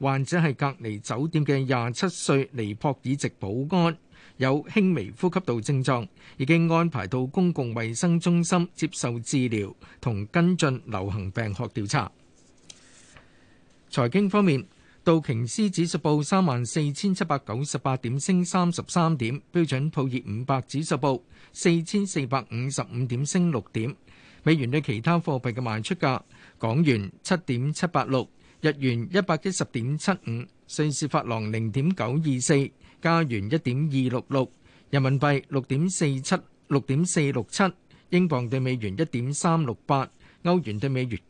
患者係隔離酒店嘅廿七歲尼泊爾籍保安，有輕微呼吸道症狀，已經安排到公共衛生中心接受治療同跟進流行病學調查。財經方面，道瓊斯指數報三萬四千七百九十八點，升三十三點；標準普爾五百指數報四千四百五十五點，升六點。美元對其他貨幣嘅賣出價，港元七點七八六。日元一百一十點七五，瑞士法郎零點九二四，加元一點二六六，人民幣六點四七，六點四六七，英鎊對美元一點三六八，歐元對美元，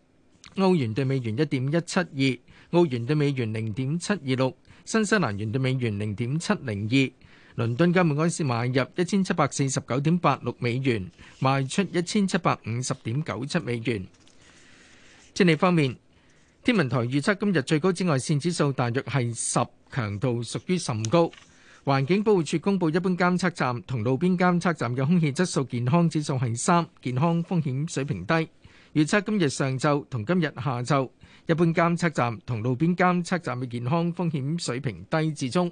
歐元對美元一點一七二，澳元對美元零點七二六，新西蘭元對美元零點七零二，倫敦金每盎司買入一千七百四十九點八六美元，賣出一千七百五十點九七美元。天氣方面。天文台預測今日最高紫外線指數大約係十，強度屬於甚高。環境保護署公布，一般監測站同路邊監測站嘅空氣質素健康指數係三，健康風險水平低。預測今日上晝同今日下晝，一般監測站同路邊監測站嘅健康風險水平低至中。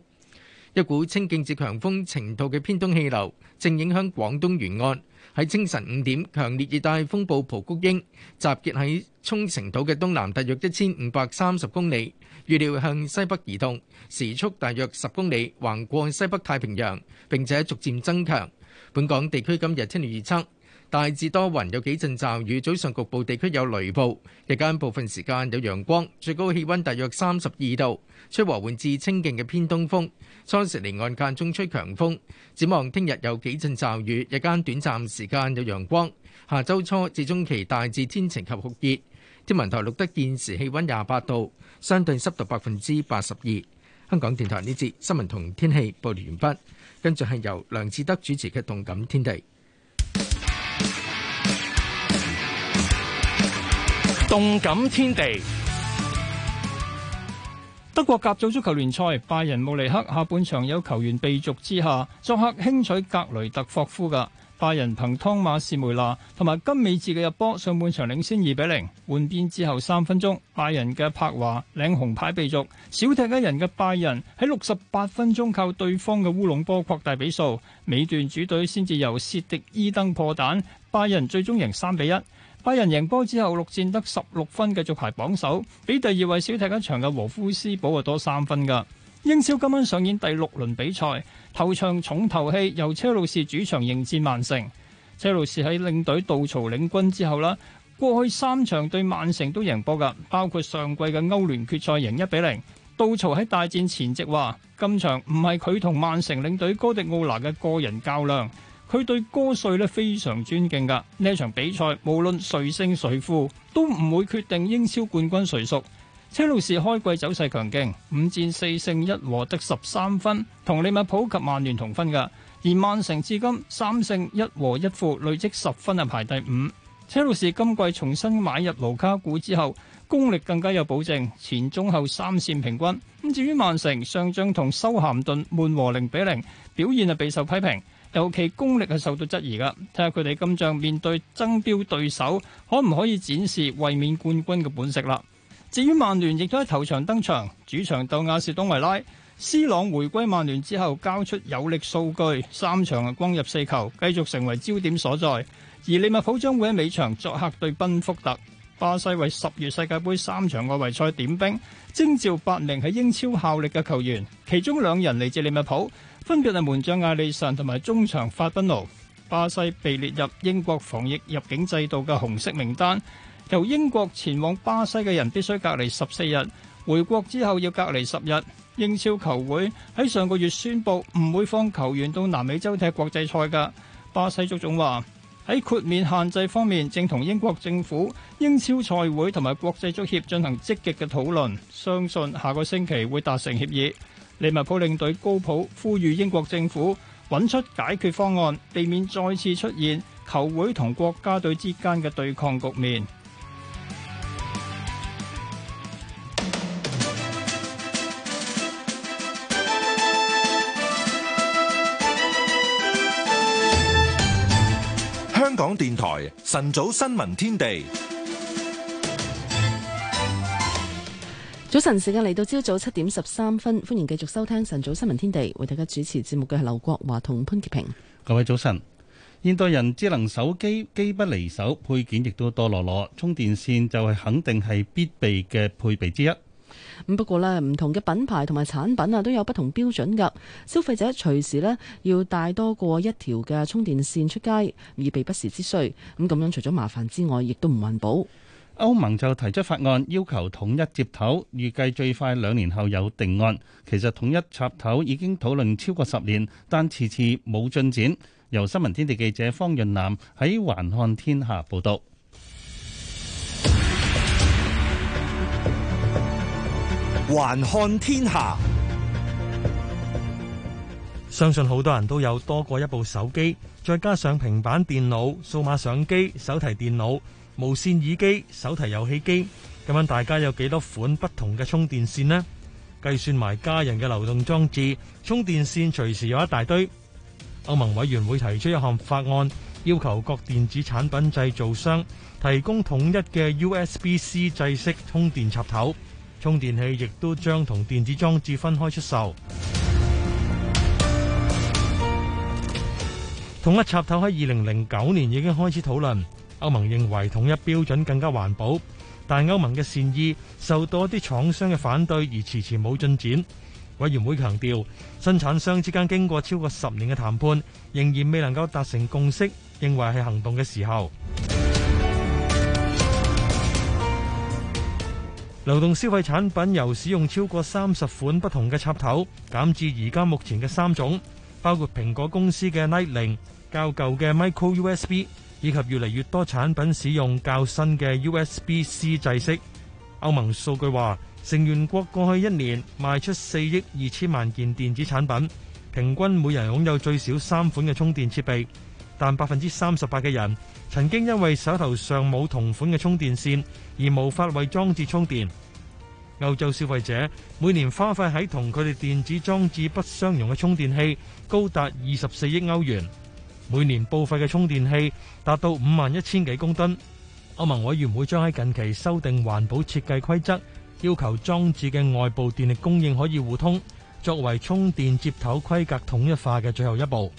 一股清勁至強風程度嘅偏東氣流正影響廣東沿岸。喺清晨五點，強烈熱帶風暴蒲公英集結喺沖繩島嘅東南，大約一千五百三十公里，預料向西北移動，時速大約十公里，橫過西北太平洋並且逐漸增強。本港地區今日天氣預測。大致多雲，有幾陣驟雨，早上局部地區有雷暴，日間部分時間有陽光，最高氣溫大約三十二度，吹和緩至清勁嘅偏東風，初時離岸間中吹強風。展望聽日有幾陣驟雨，日間短暫時間有陽光，下周初至中期大致天晴及酷熱。天文台錄得現時氣溫廿八度，相對濕度百分之八十二。香港電台呢節新聞同天氣報道完畢，跟住係由梁志德主持嘅《動感天地》。動感天地，德國甲組足球聯賽，拜仁慕尼黑下半場有球員被逐之下，作客輕取格雷特霍夫噶。拜仁憑湯馬士梅拿同埋金美治嘅入波，上半場領先二比零。換邊之後三分鐘，拜仁嘅柏華領紅牌被逐，少踢一人嘅拜仁喺六十八分鐘靠對方嘅烏龍波擴大比數。尾段主隊先至由薛迪伊登破蛋，拜仁最終贏三比一。拜仁贏波之後，六戰得十六分，繼續排榜首，比第二位少踢一場嘅和夫斯堡啊多三分噶。英超今晚上演第六輪比賽，頭場重頭戲，由車路士主場迎戰曼城。車路士喺領隊杜曹領軍之後啦，過去三場對曼城都贏波噶，包括上季嘅歐聯決賽贏一比零。杜曹喺大戰前夕話：今場唔係佢同曼城領隊哥迪奧拿嘅個人較量。佢對哥帥咧非常尊敬㗎。呢一場比賽，無論誰勝誰負，都唔會決定英超冠軍誰屬。車路士開季走勢強勁，五戰四勝一和，得十三分，同利物浦及曼聯同分嘅。而曼城至今三勝一和一負，累積十分，係排第五。車路士今季重新買入盧卡古之後，功力更加有保證，前中後三線平均。咁至於曼城上仗同修咸頓悶和零比零，表現係備受批評。尤其功力係受到質疑噶，睇下佢哋今仗面對爭標對手，可唔可以展示衛冕冠軍嘅本色啦？至於曼聯亦都喺頭場登場，主場鬥亞士東維拉，斯朗回歸曼聯之後交出有力數據，三場攻入四球，繼續成為焦點所在。而利物浦將會喺尾場作客對賓福特。巴西為十月世界盃三場外圍賽點兵徵召八名喺英超效力嘅球員，其中兩人嚟自利物浦，分別係門將艾利臣同埋中場法賓奴。巴西被列入英國防疫入境制度嘅紅色名單，由英國前往巴西嘅人必須隔離十四日，回國之後要隔離十日。英超球會喺上個月宣布唔會放球員到南美洲踢國際賽嘅，巴西足總話。喺豁免限制方面，正同英國政府、英超賽會同埋國際足協進行積極嘅討論，相信下個星期會達成協議。利物浦領隊高普呼籲英國政府揾出解決方案，避免再次出現球會同國家隊之間嘅對抗局面。電台晨早新聞天地，早晨時間嚟到朝早七點十三分，歡迎繼續收聽晨早新聞天地，為大家主持節目嘅係劉國華同潘潔平。各位早晨，現代人智能手機機不離手，配件亦都多落落，充電線就係肯定係必備嘅配備之一。咁不過咧，唔同嘅品牌同埋產品啊，都有不同標準㗎。消費者隨時咧要帶多過一條嘅充電線出街，以備不時之需。咁咁樣除咗麻煩之外，亦都唔環保。歐盟就提出法案，要求統一接頭，預計最快兩年後有定案。其實統一插頭已經討論超過十年，但遲遲冇進展。由新聞天地記者方潤南喺環看天下報導。還看天下，相信好多人都有多過一部手機，再加上平板電腦、數碼相機、手提電腦、無線耳機、手提遊戲機。咁樣大家有幾多款不同嘅充電線呢？計算埋家人嘅流動裝置，充電線隨時有一大堆。歐盟委員會提出一項法案，要求各電子產品製造商提供統一嘅 USB-C 制式充電插頭。充電器亦都將同電子裝置分開出售。統一插頭喺二零零九年已經開始討論，歐盟認為統一標準更加環保，但歐盟嘅善意受到一啲廠商嘅反對而遲遲冇進展。委員會強調，生產商之間經過超過十年嘅談判，仍然未能夠達成共識，認為係行動嘅時候。流動消費產品由使用超過三十款不同嘅插頭，減至而家目前嘅三種，包括蘋果公司嘅 Lightning、較舊嘅 Micro USB，以及越嚟越多產品使用較新嘅 USB C 制式。歐盟數據話，成員國過去一年賣出四億二千萬件電子產品，平均每人擁有最少三款嘅充電設備。但百分之三十八嘅人曾經因為手頭上冇同款嘅充電線而無法為裝置充電。歐洲消費者每年花費喺同佢哋電子裝置不相容嘅充電器高達二十四億歐元，每年報廢嘅充電器達到五萬一千幾公噸。歐盟委員會將喺近期修訂環保設計規則，要求裝置嘅外部電力供應可以互通，作為充電接頭規格統一化嘅最後一步。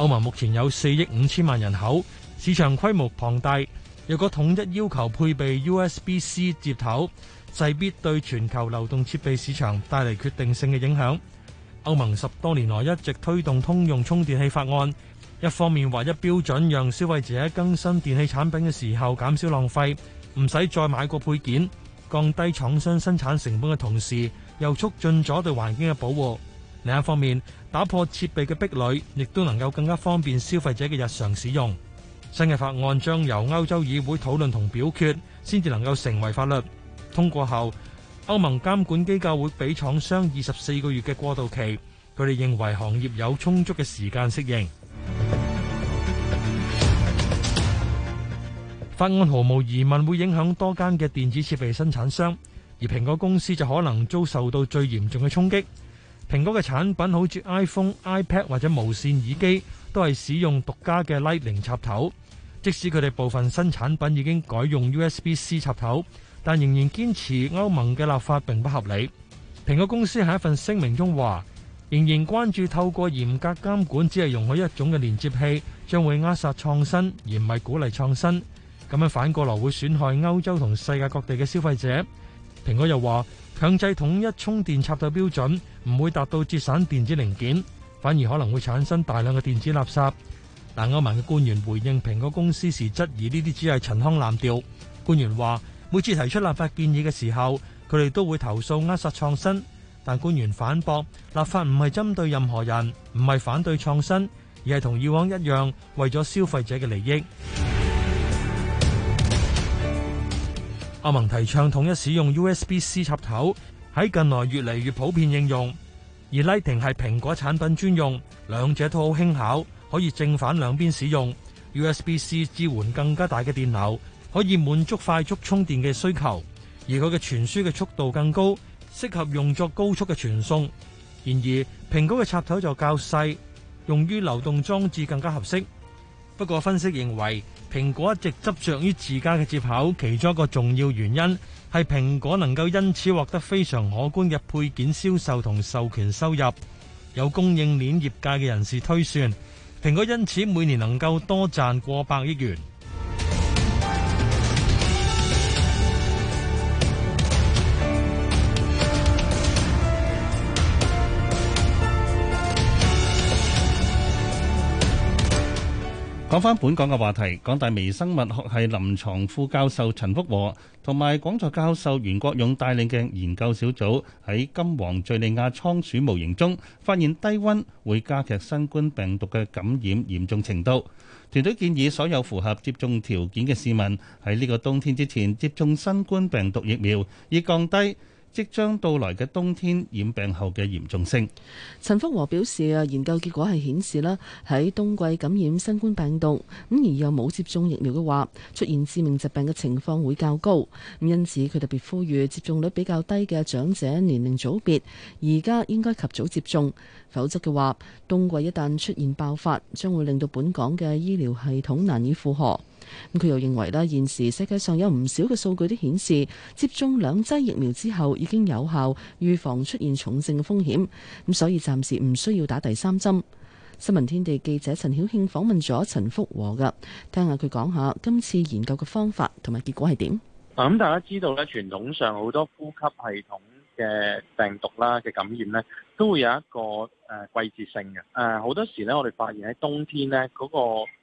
歐盟目前有四億五千萬人口，市場規模龐大，若果統一要求配備 USB-C 接頭，勢必對全球流動設備市場帶嚟決定性嘅影響。歐盟十多年來一直推動通用充電器法案，一方面劃一標準讓消費者更新電器產品嘅時候減少浪費，唔使再買過配件，降低廠商生產成本嘅同時，又促進咗對環境嘅保護。另一方面，打破設備嘅壁壘，亦都能夠更加方便消費者嘅日常使用。新嘅法案將由歐洲議會討論同表決，先至能夠成為法律。通過後，歐盟監管機構會俾廠商二十四個月嘅過渡期。佢哋認為行業有充足嘅時間適應。 *noise* 法案毫無疑問會影響多間嘅電子設備生產商，而蘋果公司就可能遭受到最嚴重嘅衝擊。蘋果嘅產品好似 iPhone、iPad 或者無線耳機，都係使用獨家嘅 Lightning 插頭。即使佢哋部分新產品已經改用 USB-C 插頭，但仍然堅持歐盟嘅立法並不合理。蘋果公司喺一份聲明中話，仍然關注透過嚴格監管，只係容許一種嘅連接器，將會扼殺創新，而唔係鼓勵創新。咁樣反過來會損害歐洲同世界各地嘅消費者。蘋果又話，強制統一充電插頭標準唔會達到節省電子零件，反而可能會產生大量嘅電子垃圾。但歐盟嘅官員回應蘋果公司時質疑呢啲只係陳腔濫調。官員話：每次提出立法建議嘅時候，佢哋都會投訴扼殺創新。但官員反駁立法唔係針對任何人，唔係反對創新，而係同以往一樣為咗消費者嘅利益。阿文提倡統一使用 USB-C 插頭，喺近來越嚟越普遍應用。而 Lighting 係蘋果產品專用，兩者都好輕巧，可以正反兩邊使用。USB-C 支援更加大嘅電流，可以滿足快速充電嘅需求，而佢嘅傳輸嘅速度更高，適合用作高速嘅傳送。然而，蘋果嘅插頭就較細，用於流動裝置更加合適。不過，分析認為。蘋果一直執著於自家嘅接口，其中一個重要原因係蘋果能夠因此獲得非常可觀嘅配件銷售同授權收入。有供應鏈業界嘅人士推算，蘋果因此每年能夠多賺過百億元。講翻本港嘅話題，港大微生物學系臨床副教授陳福和同埋講座教授袁國勇帶領嘅研究小組喺金黃敍利亞倉鼠模型中發現，低溫會加劇新冠病毒嘅感染嚴重程度。團隊建議所有符合接種條件嘅市民喺呢個冬天之前接種新冠病毒疫苗，以降低即將到來嘅冬天染病後嘅嚴重性，陳福和表示啊，研究結果係顯示啦，喺冬季感染新冠病毒咁而又冇接種疫苗嘅話，出現致命疾病嘅情況會較高。因此，佢特別呼籲接種率比較低嘅長者年齡組別，而家應該及早接種，否則嘅話，冬季一旦出現爆發，將會令到本港嘅醫療系統難以負荷。咁佢又認為咧，現時世界上有唔少嘅數據都顯示，接種兩劑疫苗之後已經有效預防出現重症嘅風險，咁所以暫時唔需要打第三針。新聞天地記者陳曉慶訪問咗陳福和㗎，聽下佢講下今次研究嘅方法同埋結果係點。咁大家知道咧，傳統上好多呼吸系統嘅病毒啦嘅感染呢，都會有一個誒、呃、季節性嘅誒。好、呃、多時呢，我哋發現喺冬天呢，嗰、那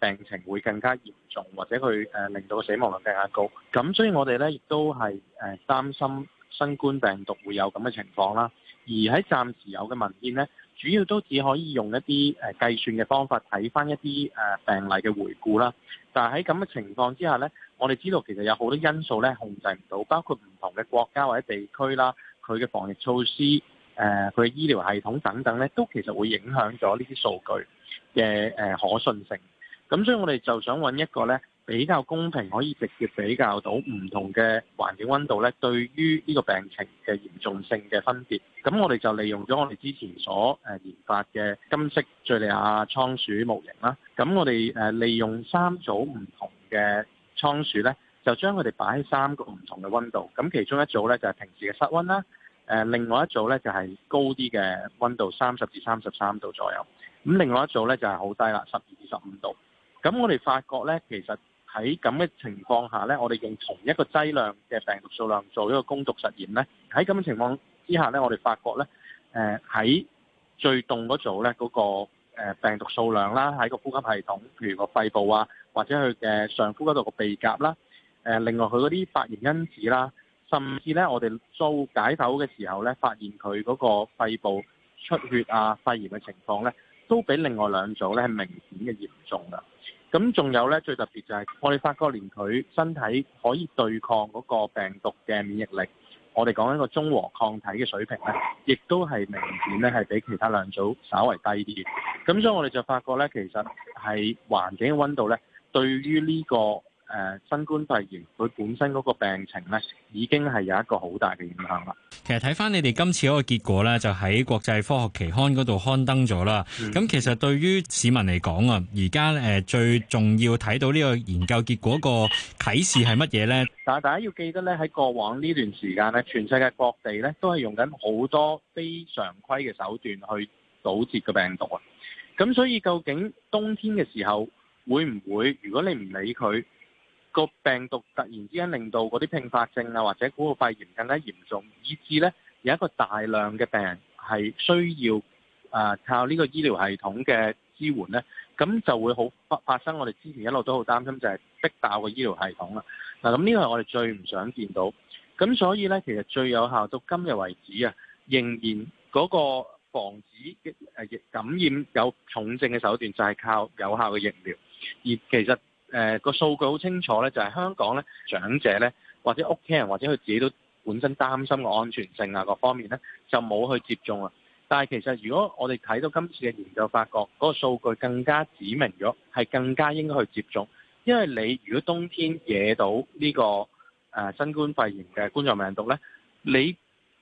個病情會更加嚴重，或者佢誒、呃、令到死亡率更加高。咁所以我哋呢，亦都係誒、呃、擔心新冠病毒會有咁嘅情況啦。而喺暫時有嘅文獻呢，主要都只可以用一啲誒計算嘅方法睇返一啲誒、呃、病例嘅回顧啦。但係喺咁嘅情況之下呢，我哋知道其實有好多因素呢，控制唔到，包括唔同嘅國家或者地區啦。佢嘅防疫措施、誒佢嘅醫療系統等等咧，都其實會影響咗呢啲數據嘅誒、呃、可信性。咁所以我哋就想搵一個咧比較公平，可以直接比較到唔同嘅環境溫度咧，對於呢個病情嘅嚴重性嘅分別。咁我哋就利用咗我哋之前所誒研發嘅金色敘利亞倉鼠模型啦。咁我哋誒利用三組唔同嘅倉鼠咧，就將佢哋擺喺三個唔同嘅溫度。咁其中一組咧就係、是、平時嘅室溫啦。誒另外一組咧就係高啲嘅溫度，三十至三十三度左右。咁另外一組咧就係好低啦，十二至十五度。咁我哋發覺咧，其實喺咁嘅情況下咧，我哋用同一個劑量嘅病毒數量做一個攻毒實驗咧，喺咁嘅情況之下咧，我哋發覺咧，誒喺最凍嗰組咧嗰個誒病毒數量啦，喺個呼吸系統，譬如個肺部啊，或者佢嘅上呼吸道個鼻甲啦，誒另外佢嗰啲發炎因子啦。甚至咧，我哋做解剖嘅時候咧，發現佢嗰個肺部出血啊、肺炎嘅情況咧，都比另外兩組咧係明顯嘅嚴重噶。咁仲有咧，最特別就係我哋發覺，連佢身體可以對抗嗰個病毒嘅免疫力，我哋講一個中和抗體嘅水平咧，亦都係明顯咧係比其他兩組稍微低啲。咁所以我哋就發覺咧，其實係環境溫度咧，對於呢個，誒、呃、新冠肺炎佢本身嗰個病情咧，已經係有一個好大嘅影響啦。其實睇翻你哋今次嗰個結果咧,就喺國際科學期刊嗰度刊登咗啦。咁、嗯、其實對於市民嚟講啊，而家誒最重要睇到呢個研究結果個啟示係乜嘢咧？但係大家要記得咧，喺過往呢段時間咧，全世界各地咧都係用緊好多非常規嘅手段去阻截個病毒啊。咁所以究竟冬天嘅時候會唔會，如果你唔理佢？個病毒突然之間令到嗰啲併發症啊，或者嗰個肺炎更加嚴重，以致呢有一個大量嘅病人係需要啊、呃、靠呢個醫療系統嘅支援呢。咁就會好發發生我哋之前一路都好擔心，就係逼爆個醫療系統啦。嗱、呃，咁呢個係我哋最唔想見到。咁所以呢，其實最有效到今日為止啊，仍然嗰個防止嘅感染有重症嘅手段就係靠有效嘅疫苗，而其實。誒，個數據好清楚呢，就係香港呢長者呢，或者屋企人或者佢自己都本身擔心嘅安全性啊各方面呢，就冇去接種喇。但係其實如果我哋睇到今次嘅研究發覺，嗰個數據更加指明咗係更加應該去接種，因為你如果冬天惹到呢個誒新冠肺炎嘅冠狀病毒呢，你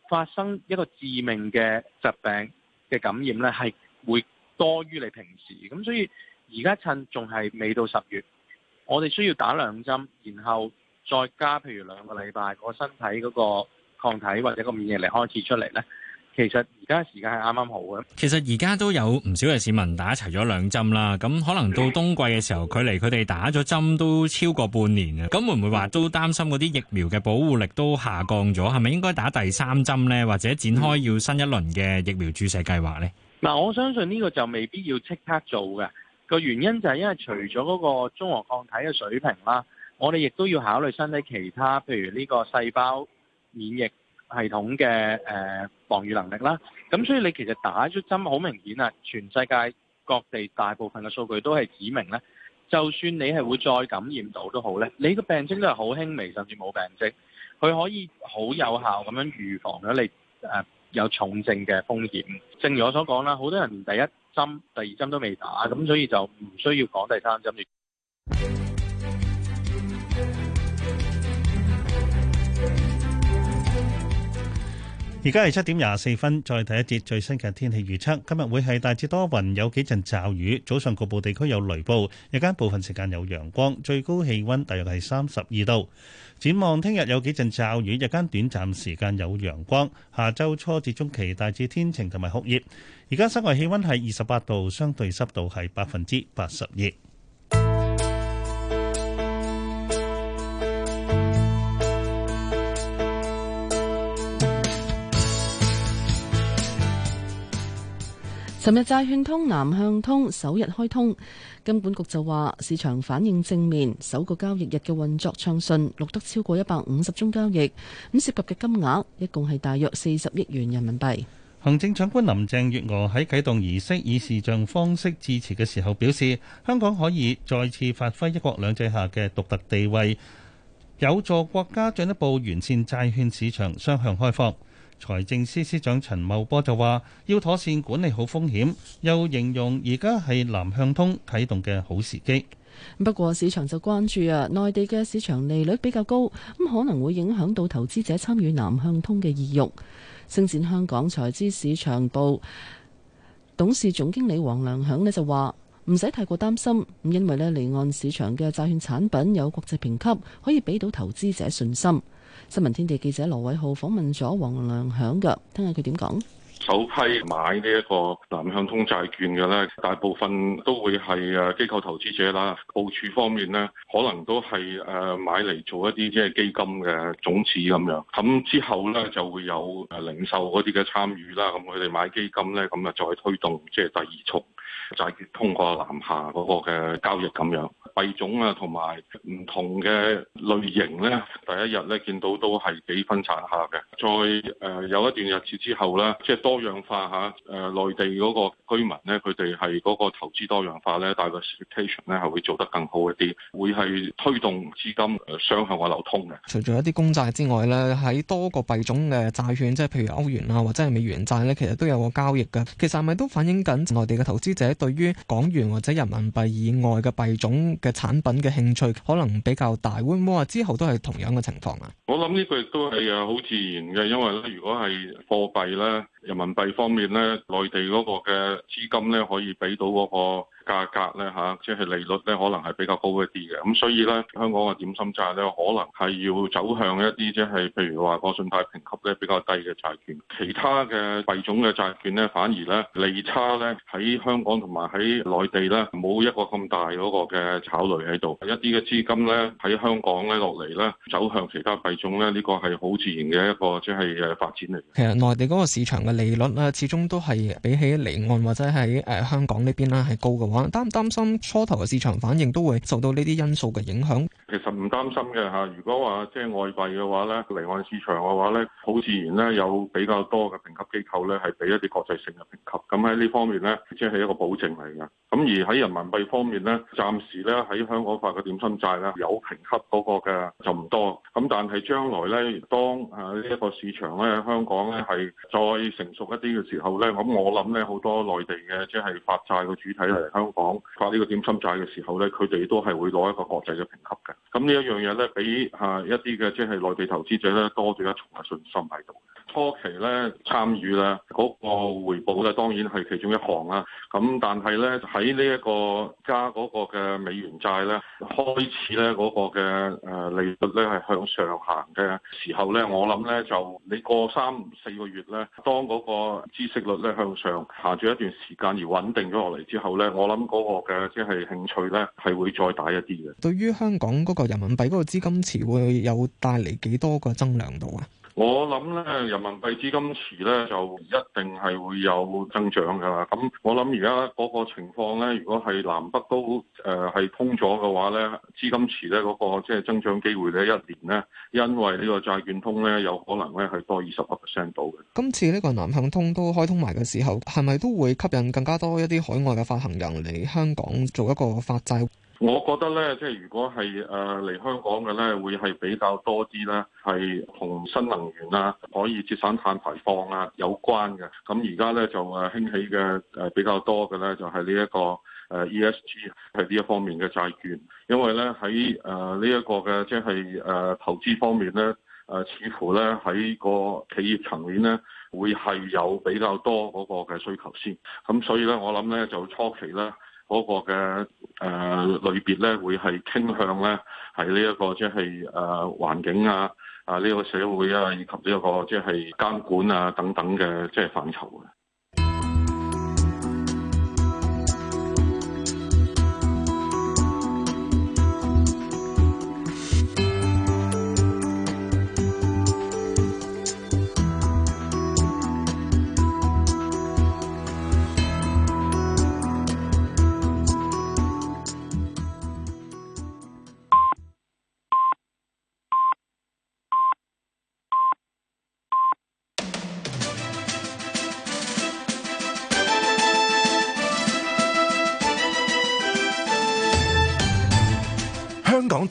發生一個致命嘅疾病嘅感染呢，係會多於你平時。咁所以而家趁仲係未到十月。我哋需要打兩針，然後再加，譬如兩個禮拜，個身體嗰個抗體或者個免疫力開始出嚟呢。其實而家時間係啱啱好嘅。其實而家都有唔少嘅市民打齊咗兩針啦。咁可能到冬季嘅時候，距離佢哋打咗針都超過半年啦。咁會唔會話都擔心嗰啲疫苗嘅保護力都下降咗？係咪應該打第三針呢？或者展開要新一輪嘅疫苗注射計劃呢？嗱、嗯，我相信呢個就未必要即刻做嘅。個原因就係因為除咗嗰個中和抗體嘅水平啦，我哋亦都要考慮身體其他，譬如呢個細胞免疫系統嘅誒防禦能力啦。咁所以你其實打咗針好明顯啊！全世界各地大部分嘅數據都係指明咧，就算你係會再感染到都好咧，你個病徵都係好輕微，甚至冇病徵，佢可以好有效咁樣預防咗你誒有重症嘅風險。正如我所講啦，好多人第一。針，第二針都未打，咁所以就唔需要講第三針。而家係七點廿四分，再睇一節最新嘅天氣預測。今日會係大致多雲，有幾陣驟雨，早上局部地區有雷暴，日間部分時間有陽光，最高氣溫大約係三十二度。展望聽日有幾陣驟雨，日間短暫時間有陽光，下周初至中期大致天晴同埋酷熱。而家室外氣溫係二十八度，相對濕度係百分之八十二。尋日債券通南向通首日開通，金管局就話市場反應正面，首個交易日嘅運作暢順，錄得超過一百五十宗交易，咁涉及嘅金額一共係大約四十億元人民幣。行政長官林鄭月娥喺啟動儀式以視像方式致辭嘅時候表示，香港可以再次發揮一國兩制下嘅獨特地位，有助國家進一步完善債券市場雙向開放。財政司司長陳茂波就話：要妥善管理好風險，又形容而家係南向通啟動嘅好時機。不過市場就關注啊，內地嘅市場利率比較高，咁可能會影響到投資者參與南向通嘅意欲。星展香港財資市場部董事總經理黃良響咧就話：唔使太過擔心，因為咧離岸市場嘅債券產品有國際評級，可以俾到投資者信心。新聞天地記者羅偉浩訪問咗黃亮響噶，聽下佢點講。首批買呢一個南向通債券嘅咧，大部分都會係誒機構投資者啦。部署方面咧，可能都係誒買嚟做一啲即係基金嘅種子咁樣。咁之後咧就會有誒零售嗰啲嘅參與啦。咁佢哋買基金咧，咁啊再推動即係第二觸債券通過南下嗰個嘅交易咁樣。幣種啊，同埋唔同嘅類型咧，第一日咧見到都係幾分散下嘅。再誒、呃、有一段日子之後咧，即係多樣化嚇誒、呃、內地嗰個居民咧，佢哋係嗰個投資多樣化咧，大個 speculation 咧，係會做得更好一啲，會係推動資金誒雙向嘅流通嘅。除咗一啲公債之外咧，喺多個幣種嘅債券，即係譬如歐元啊，或者係美元債咧，其實都有個交易嘅。其實係咪都反映緊內地嘅投資者對於港元或者人民幣以外嘅幣種？嘅產品嘅興趣可能比較大，會唔會話之後都係同樣嘅情況啊？我諗呢個亦都係啊，好自然嘅，因為咧，如果係貨幣咧，人民幣方面咧，內地嗰個嘅資金咧，可以俾到嗰個。價格咧嚇，即係利率咧，可能係比較高一啲嘅。咁所以咧，香港嘅點心債咧，可能係要走向一啲即係譬如話個信貸評級咧比較低嘅債券。其他嘅幣種嘅債券咧，反而咧利差咧喺香港同埋喺內地咧冇一個咁大嗰個嘅考慮喺度。一啲嘅資金咧喺香港咧落嚟咧走向其他幣種咧，呢個係好自然嘅一個即係誒發展嚟。其實內地嗰個市場嘅利率咧，始終都係比起離岸或者喺誒香港呢邊啦，係高嘅。擔唔擔心初頭嘅市場反應都會受到呢啲因素嘅影響？其實唔擔心嘅吓，如果話即係外幣嘅話咧，離岸市場嘅話咧，好自然咧有比較多嘅評級機構咧係俾一啲國際性嘅評級。咁喺呢方面咧，即係一個保證嚟嘅。咁而喺人民幣方面咧，暫時咧喺香港發嘅點心債咧有評級嗰個嘅就唔多。咁但係將來咧，當啊呢一個市場咧香港咧係再成熟一啲嘅時候咧，咁我諗咧好多內地嘅即係發債嘅主體係。香港發呢個點心債嘅時候咧，佢哋都係會攞一個國際嘅評級嘅。咁呢一樣嘢咧，俾吓一啲嘅即係內地投資者咧多咗一重嘅信心喺度。初期咧參與咧嗰個回報咧，當然係其中一項啦。咁但係咧喺呢一個加嗰個嘅美元債咧開始咧嗰個嘅誒利率咧係向上行嘅時候咧，我諗咧就你過三四個月咧，當嗰個孳息率咧向上行咗一段時間而穩定咗落嚟之後咧，我諗。咁嗰個嘅即係興趣咧，係會再大一啲嘅。對於香港嗰個人民幣嗰個資金池，會有帶嚟幾多個增量度啊？我諗咧，人民幣資金池咧就一定係會有增長噶啦。咁我諗而家嗰個情況咧，如果係南北都誒係通咗嘅話咧，資金池咧嗰個即係增長機會咧，一年咧，因為呢個債券通咧有可能咧係多二十巴仙到嘅。今次呢個南向通都開通埋嘅時候，係咪都會吸引更加多一啲海外嘅發行人嚟香港做一個發債？我覺得咧，即係如果係誒嚟香港嘅咧，會係比較多啲啦，係同新能源啊、可以節省碳排放啊有關嘅。咁而家咧就誒興起嘅誒比較多嘅咧，就係呢一個誒 ESG 係呢一方面嘅債券，因為咧喺誒呢一個嘅即係誒投資方面咧，誒似乎咧喺個企業層面咧，會係有比較多嗰個嘅需求先。咁所以咧，我諗咧就初期咧。嗰個嘅誒類別咧，會係傾向咧，係呢一個即係誒環境啊、啊、啊、呢個社會啊，以及呢個即係監管啊等等嘅即係範疇嘅。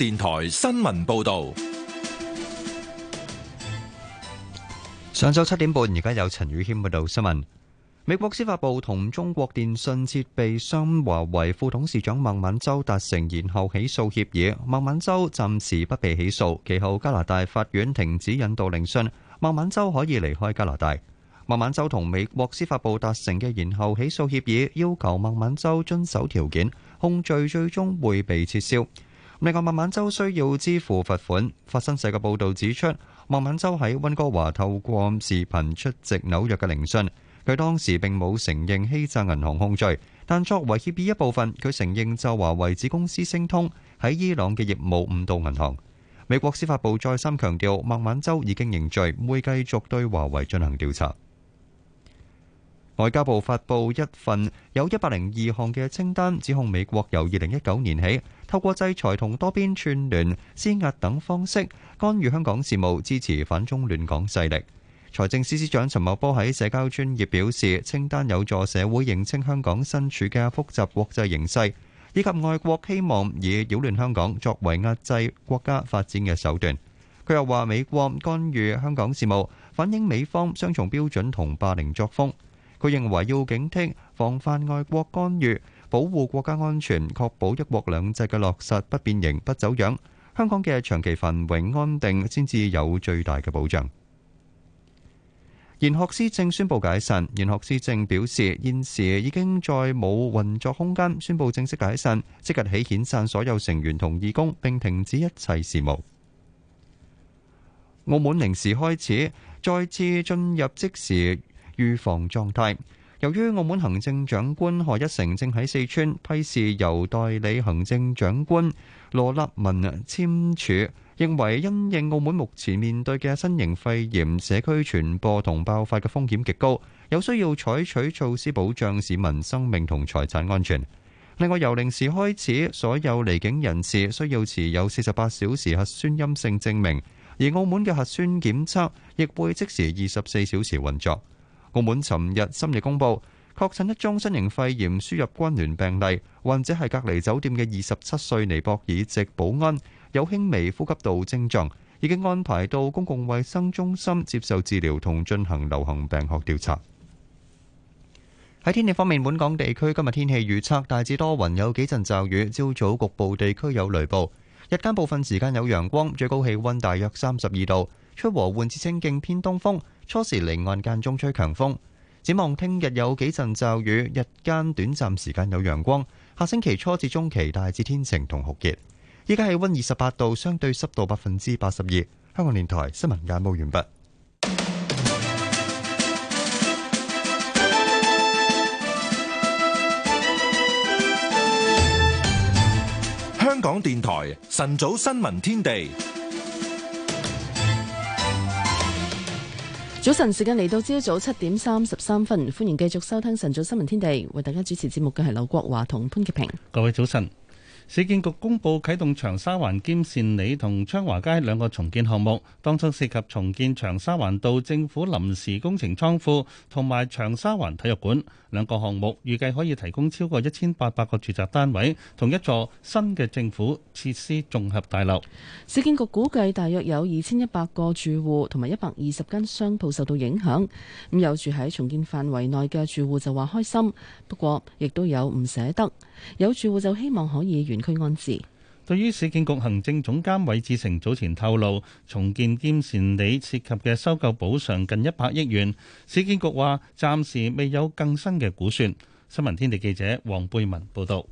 電台新聞報道：上晝七點半，而家有陳宇謙報道新聞。美國司法部同中國電信設備商華為副董事長孟晚舟達成延後起訴協議，孟晚舟暫時不被起訴。其後，加拿大法院停止引渡聆訊，孟晚舟可以離開加拿大。孟晚舟同美國司法部達成嘅延後起訴協議，要求孟晚舟遵守條件，控罪最終會被撤銷。另外，孟晚舟需要支付罰款。法新社嘅報導指出，孟晚舟喺溫哥華透過視頻出席紐約嘅聆訊。佢當時並冇承認欺詐銀行控罪，但作為協議一部分，佢承認就華為子公司星通喺伊朗嘅業務誤導銀行。美國司法部再三強調，孟晚舟已經認罪，會繼續對華為進行調查。外交部發布一份有一百零二項嘅清單，指控美國由二零一九年起透過制裁同多邊串聯、施壓等方式干預香港事務，支持反中亂港勢力。財政司司長陳茂波喺社交專頁表示，清單有助社會認清香港身處嘅複雜國際形勢，以及外國希望以擾亂香港作為壓制國家發展嘅手段。佢又話，美國干預香港事務反映美方雙重標準同霸凌作風。佢認為要警惕、防範外國干預，保護國家安全，確保一國兩制嘅落實不變形、不走樣。香港嘅長期繁榮安定先至有最大嘅保障。賢學思政宣布解散，賢學思政表示現時已經再冇運作空間，宣布正式解散，即日起遣散所有成員同義工，並停止一切事務。澳門零時開始再次進入即時預防狀態。由於澳門行政長官賀一誠正喺四川批示，由代理行政長官羅立文簽署，認為因應澳門目前面對嘅新型肺炎社區傳播同爆發嘅風險極高，有需要採取措施保障市民生命同財產安全。另外，由零時開始，所有離境人士需要持有四十八小時核酸陰性證明，而澳門嘅核酸檢測亦會即時二十四小時運作。澳門尋日深夜公布確診一宗新型肺炎輸入關聯病例，患者係隔離酒店嘅二十七歲尼泊爾籍保安，有輕微呼吸道症狀，已經安排到公共衛生中心接受治療同進行流行病學調查。喺天氣方面，本港地區今日天氣預測大致多雲，有幾陣驟雨，朝早局部地區有雷暴，日間部分時間有陽光，最高氣溫大約三十二度，吹和緩至清勁偏東風，初時離岸間中吹強風，展望聽日有幾陣驟雨，日間短暫時間有陽光。下星期初至中期大致天晴同酷熱。依家氣溫二十八度，相對濕度百分之八十二。香港電台新聞簡報完畢。香港電台晨早新聞天地。早晨，時間嚟到朝早七點三十三分，歡迎繼續收聽晨早新聞天地。為大家主持節目嘅係劉國華同潘潔平。各位早晨。市建局公布啟動長沙灣兼善里同昌華街兩個重建項目，當初涉及重建長沙灣道政府臨時工程倉庫同埋長沙灣體育館兩個項目，預計可以提供超過一千八百個住宅單位，同一座新嘅政府設施綜合大樓。市建局估計大約有二千一百個住戶同埋一百二十間商鋪受到影響。咁有住喺重建範圍內嘅住戶就話開心，不過亦都有唔捨得。有住戶就希望可以原區安置。對於市建局行政總監韋志成早前透露，重建兼善里涉及嘅收購補償近一百億元，市建局話暫時未有更新嘅估算。新聞天地記者黃貝文報道。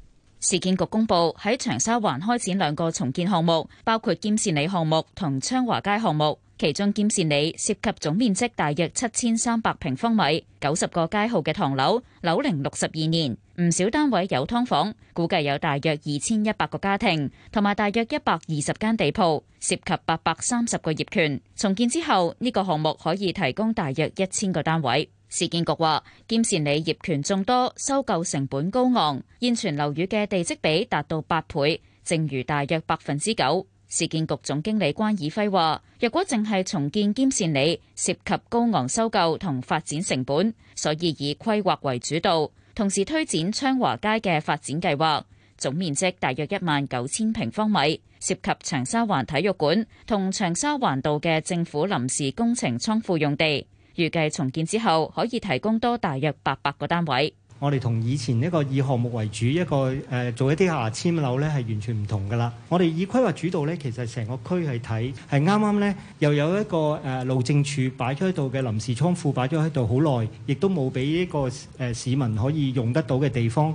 市建局公布喺長沙灣開展兩個重建項目，包括兼善里項目同昌華街項目。其中兼善里涉及總面積大約七千三百平方米，九十個街號嘅唐樓，樓齡六十二年，唔少單位有㓥房，估計有大約二千一百個家庭，同埋大約一百二十間地鋪，涉及八百三十個業權。重建之後，呢個項目可以提供大約一千個單位。市建局話，兼善里業權眾多，收購成本高昂，現存樓宇嘅地積比達到八倍，剩餘大約百分之九。市建局總經理關以輝話，若果淨係重建兼善里，涉及高昂收購同發展成本，所以以規劃為主導，同時推展昌華街嘅發展計劃，總面積大約一萬九千平方米，涉及長沙灣體育館同長沙灣道嘅政府臨時工程倉庫用地。預計重建之後可以提供多大約八百個單位。我哋同以前一個以項目為主，一個誒、呃、做一啲牙籤樓咧，係完全唔同㗎啦。我哋以規劃主導咧，其實成個區係睇係啱啱咧，又有一個誒路、呃、政署擺咗喺度嘅臨時倉庫擺咗喺度好耐，亦都冇俾一個誒、呃、市民可以用得到嘅地方。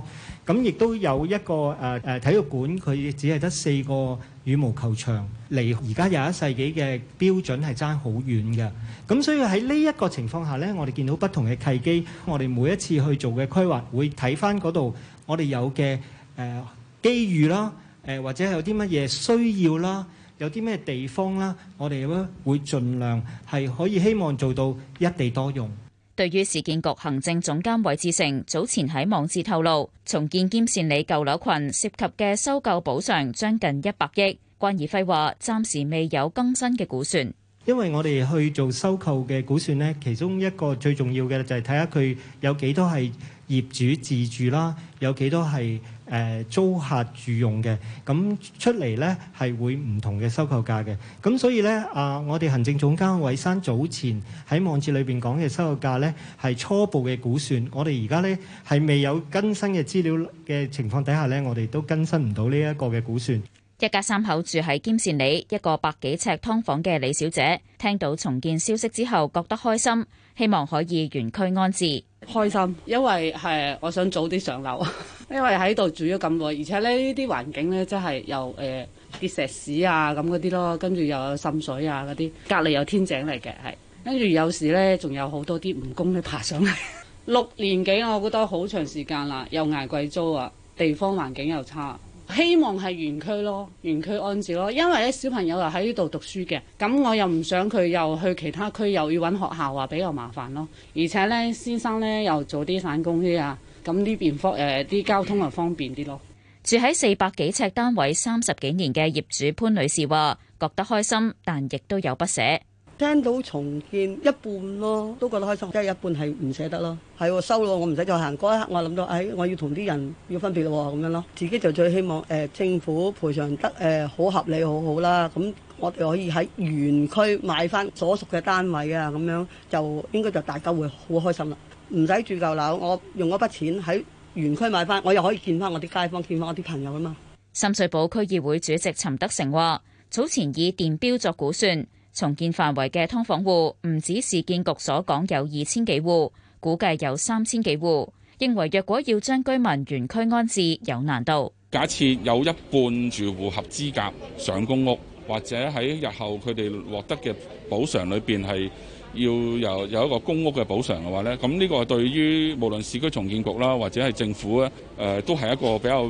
咁亦都有一個誒誒體育館，佢只係得四個羽毛球場，離而家廿一世紀嘅標準係爭好遠嘅。咁所以喺呢一個情況下咧，我哋見到不同嘅契機，我哋每一次去做嘅規劃，會睇翻嗰度我哋有嘅誒機遇啦，誒或者有啲乜嘢需要啦，有啲咩地方啦，我哋會會盡量係可以希望做到一地多用。對於市建局行政總監韋志成早前喺網誌透露，重建兼善里舊樓群涉及嘅收購補償將近一百億。關宜輝話，暫時未有更新嘅估算，因為我哋去做收購嘅估算呢，其中一個最重要嘅就係睇下佢有幾多係業主自住啦，有幾多係。誒租客住用嘅，咁出嚟呢係會唔同嘅收購價嘅，咁所以呢，啊，我哋行政總監韋生早前喺網誌裏邊講嘅收購價呢係初步嘅估算，我哋而家呢係未有更新嘅資料嘅情況底下呢，我哋都更新唔到呢一個嘅估算。一家三口住喺兼善里一個百幾尺劏房嘅李小姐，聽到重建消息之後覺得開心，希望可以原區安置。開心，因為係我想早啲上樓。 *laughs* 因為喺度住咗咁耐，而且呢呢啲環境呢，真係又誒跌石屎啊咁嗰啲咯，跟住又有滲水啊嗰啲，隔離有天井嚟嘅，係跟住有時呢，仲有好多啲蜈蚣咧爬上嚟。 *laughs* 六年幾，我覺得好長時間啦，又捱貴租啊，地方環境又差，希望係園區咯，園區安置咯，因為呢小朋友又喺呢度讀書嘅，咁我又唔想佢又去其他區又要揾學校啊，比較麻煩咯，而且呢，先生呢，又做啲散工啲啊。咁呢邊方誒啲交通啊方便啲咯。住喺四百幾尺單位三十幾年嘅業主潘女士話：覺得開心，但亦都有不捨。聽到重建一半咯，都覺得開心，即係一半係唔捨得咯。係、哦、收咯，我唔使再行嗰一刻我，我諗到誒，我要同啲人要分別咯咁樣咯。自己就最希望誒、呃、政府賠償得誒好、呃、合理好好啦。咁我哋可以喺原區買翻所屬嘅單位啊，咁樣就應該就大家會好開心啦。唔使住舊樓，我用嗰筆錢喺園區買翻，我又可以見翻我啲街坊，見翻我啲朋友啊嘛。深水埗區議會主席陳德成話，早前以電表作估算，重建範圍嘅劏房戶唔止市建局所講有二千幾戶，估計有三千幾戶。認為若果要將居民園區安置有難度。假設有一半住戶合資格上公屋，或者喺日後佢哋獲得嘅補償裏邊係。要有有一個公屋嘅補償嘅話咧，咁呢個對於無論市區重建局啦，或者係政府咧，誒、呃、都係一個比較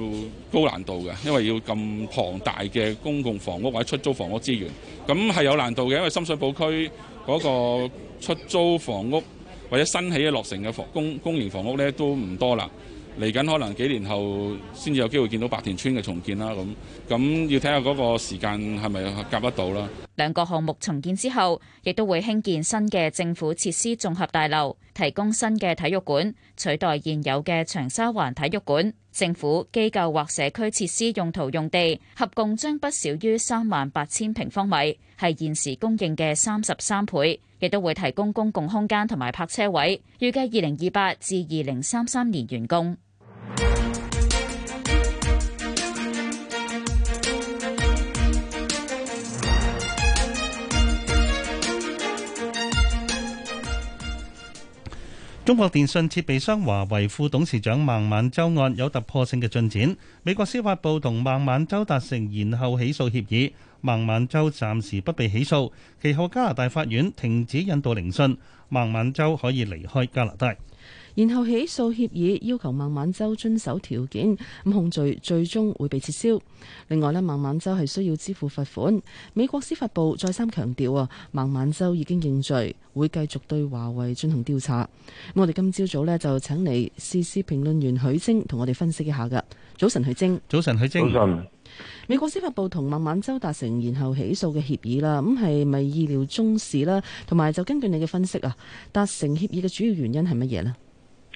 高難度嘅，因為要咁龐大嘅公共房屋或者出租房屋資源，咁係有難度嘅，因為深水埗區嗰個出租房屋或者新起嘅落成嘅公公營房屋咧都唔多啦。嚟緊可能幾年後先至有機會見到白田村嘅重建啦。咁咁要睇下嗰個時間係咪夾得到啦。兩個項目重建之後，亦都會興建新嘅政府設施綜合大樓，提供新嘅體育館，取代現有嘅長沙灣體育館。政府、機構或社區設施用途用地合共將不少於三萬八千平方米，係現時供應嘅三十三倍，亦都會提供公共空間同埋泊車位。預計二零二八至二零三三年完工。中國電信設備商華為副董事長孟晚舟案有突破性嘅進展，美國司法部同孟晚舟達成延後起訴協議，孟晚舟暫時不被起訴。其後加拿大法院停止引渡聆訊，孟晚舟可以離開加拿大。然後起訴協議要求孟晚舟遵守條件，咁控罪最終會被撤銷。另外呢，孟晚舟係需要支付罰款。美國司法部再三強調啊，孟晚舟已經認罪，會繼續對華為進行調查。咁我哋今朝早呢，就請嚟時事評論員許晶同我哋分析一下。噶，早晨，許晶。早晨，許晶。早晨。美國司法部同孟晚舟達成然後起訴嘅協議啦，咁係咪意料中事啦？同埋就根據你嘅分析啊，達成協議嘅主要原因係乜嘢呢？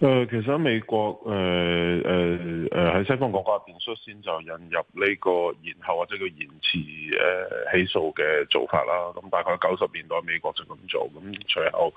誒、呃、其實喺美國，誒誒誒喺西方國家入邊率先就引入呢個延後或者叫延遲誒、呃、起訴嘅做法啦。咁、嗯、大概九十年代美國就咁做。咁隨後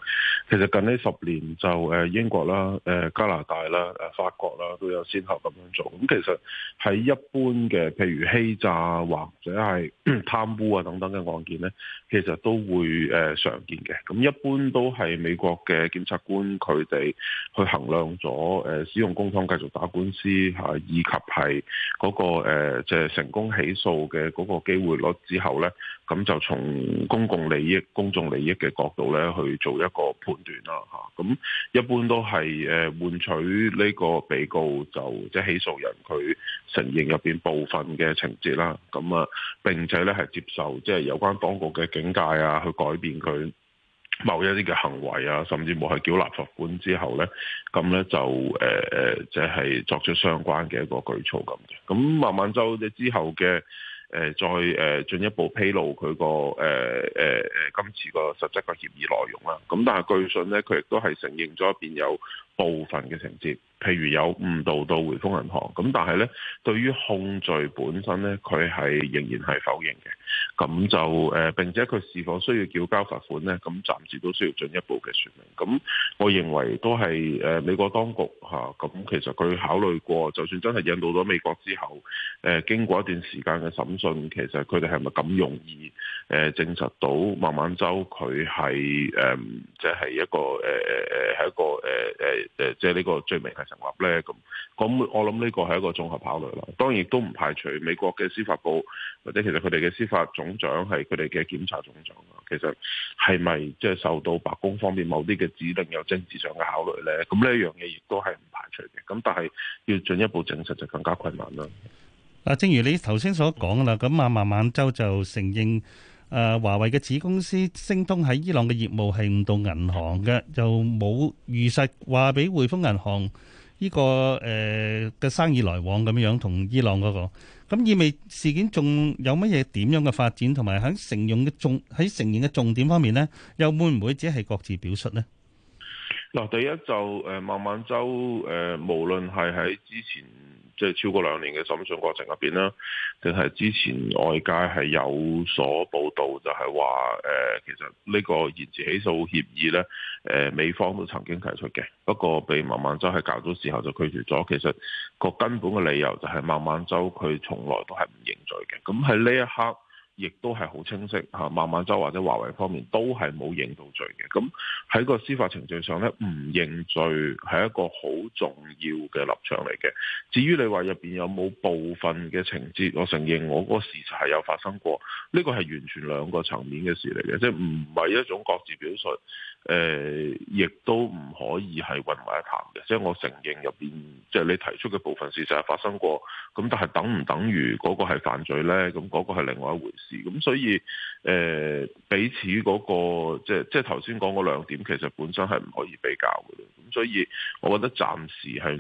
其實近呢十年就誒英國啦、誒、呃、加拿大啦、誒、呃、法國啦都有先後咁樣做。咁、嗯、其實喺一般嘅譬如欺詐、啊、或者係 *coughs* 貪污啊等等嘅案件咧，其實都會誒、呃、常見嘅。咁、嗯、一般都係美國嘅檢察官佢哋去行。上咗誒使用公帑繼續打官司嚇、啊，以及係嗰、那個即係、呃就是、成功起訴嘅嗰個機會率之後咧，咁就從公共利益、公眾利益嘅角度咧去做一個判斷啦嚇。咁、啊、一般都係誒換取呢個被告就即係起訴人佢承認入面部分嘅情節啦。咁啊，並且咧係接受即係有關當局嘅警戒啊，去改變佢。某一啲嘅行為啊，甚至乎係繳納罰款之後咧，咁咧就誒誒，即、呃、係、就是、作出相關嘅一個舉措咁。咁慢慢就即之後嘅誒、呃，再誒進一步披露佢個誒誒誒今次個實質個協議內容啦。咁但係據信咧，佢亦都係承認咗一邊有部分嘅情節，譬如有誤導到匯豐銀行。咁但係咧，對於控罪本身咧，佢係仍然係否認嘅。咁就誒，並且佢是否需要繳交罰款呢？咁暫時都需要進一步嘅說明。咁我認為都係誒美國當局吓，咁、啊嗯、其實佢考慮過，就算真係引渡咗美國之後，誒、呃、經過一段時間嘅審訊，其實佢哋係咪咁容易誒、呃、證實到孟晚舟佢係誒即係一個誒誒誒係一個誒誒誒即係呢個罪名係成立咧？咁、嗯、咁、嗯、我諗呢個係一個綜合考慮啦。當然都唔排除美國嘅司法部或者其實佢哋嘅司法。總長係佢哋嘅檢查總長啊，其實係咪即係受到白宮方面某啲嘅指令，有政治上嘅考慮呢？咁呢樣嘢亦都係唔排除嘅。咁但係要進一步證實就更加困難啦。嗱，正如你頭先所講啦，咁啊，孟晚舟就承認，誒，華為嘅子公司星通喺伊朗嘅業務係唔到銀行嘅，就冇如實話俾匯豐銀行呢個誒嘅生意來往咁樣樣同伊朗嗰個。咁意味事件仲有乜嘢點樣嘅發展，同埋喺承用嘅重喺承認嘅重點方面咧，又會唔會只係各自表述咧？嗱，第一就誒孟晚舟誒，無論係喺之前。即係超過兩年嘅審訊過程入邊啦，定係之前外界係有所報道就，就係話誒，其實個呢個延遲起訴協議咧，誒、呃、美方都曾經提出嘅，不過被孟晚舟喺較早時候就拒絕咗。其實個根本嘅理由就係孟晚舟佢從來都係唔認罪嘅。咁喺呢一刻。亦都係好清晰嚇，孟晚舟或者華為方面都係冇認到罪嘅。咁喺個司法程序上咧，唔認罪係一個好重要嘅立場嚟嘅。至於你話入邊有冇部分嘅情節，我承認我嗰個事實係有發生過，呢個係完全兩個層面嘅事嚟嘅，即係唔係一種各自表述。誒，亦、呃、都唔可以係混埋一談嘅，即係我承認入邊，即係你提出嘅部分事實係發生過，咁但係等唔等於嗰個係犯罪呢？咁嗰個係另外一回事。咁所以誒、呃，彼此嗰、那個即係即係頭先講嗰兩點，其實本身係唔可以比較嘅。咁所以，我覺得暫時係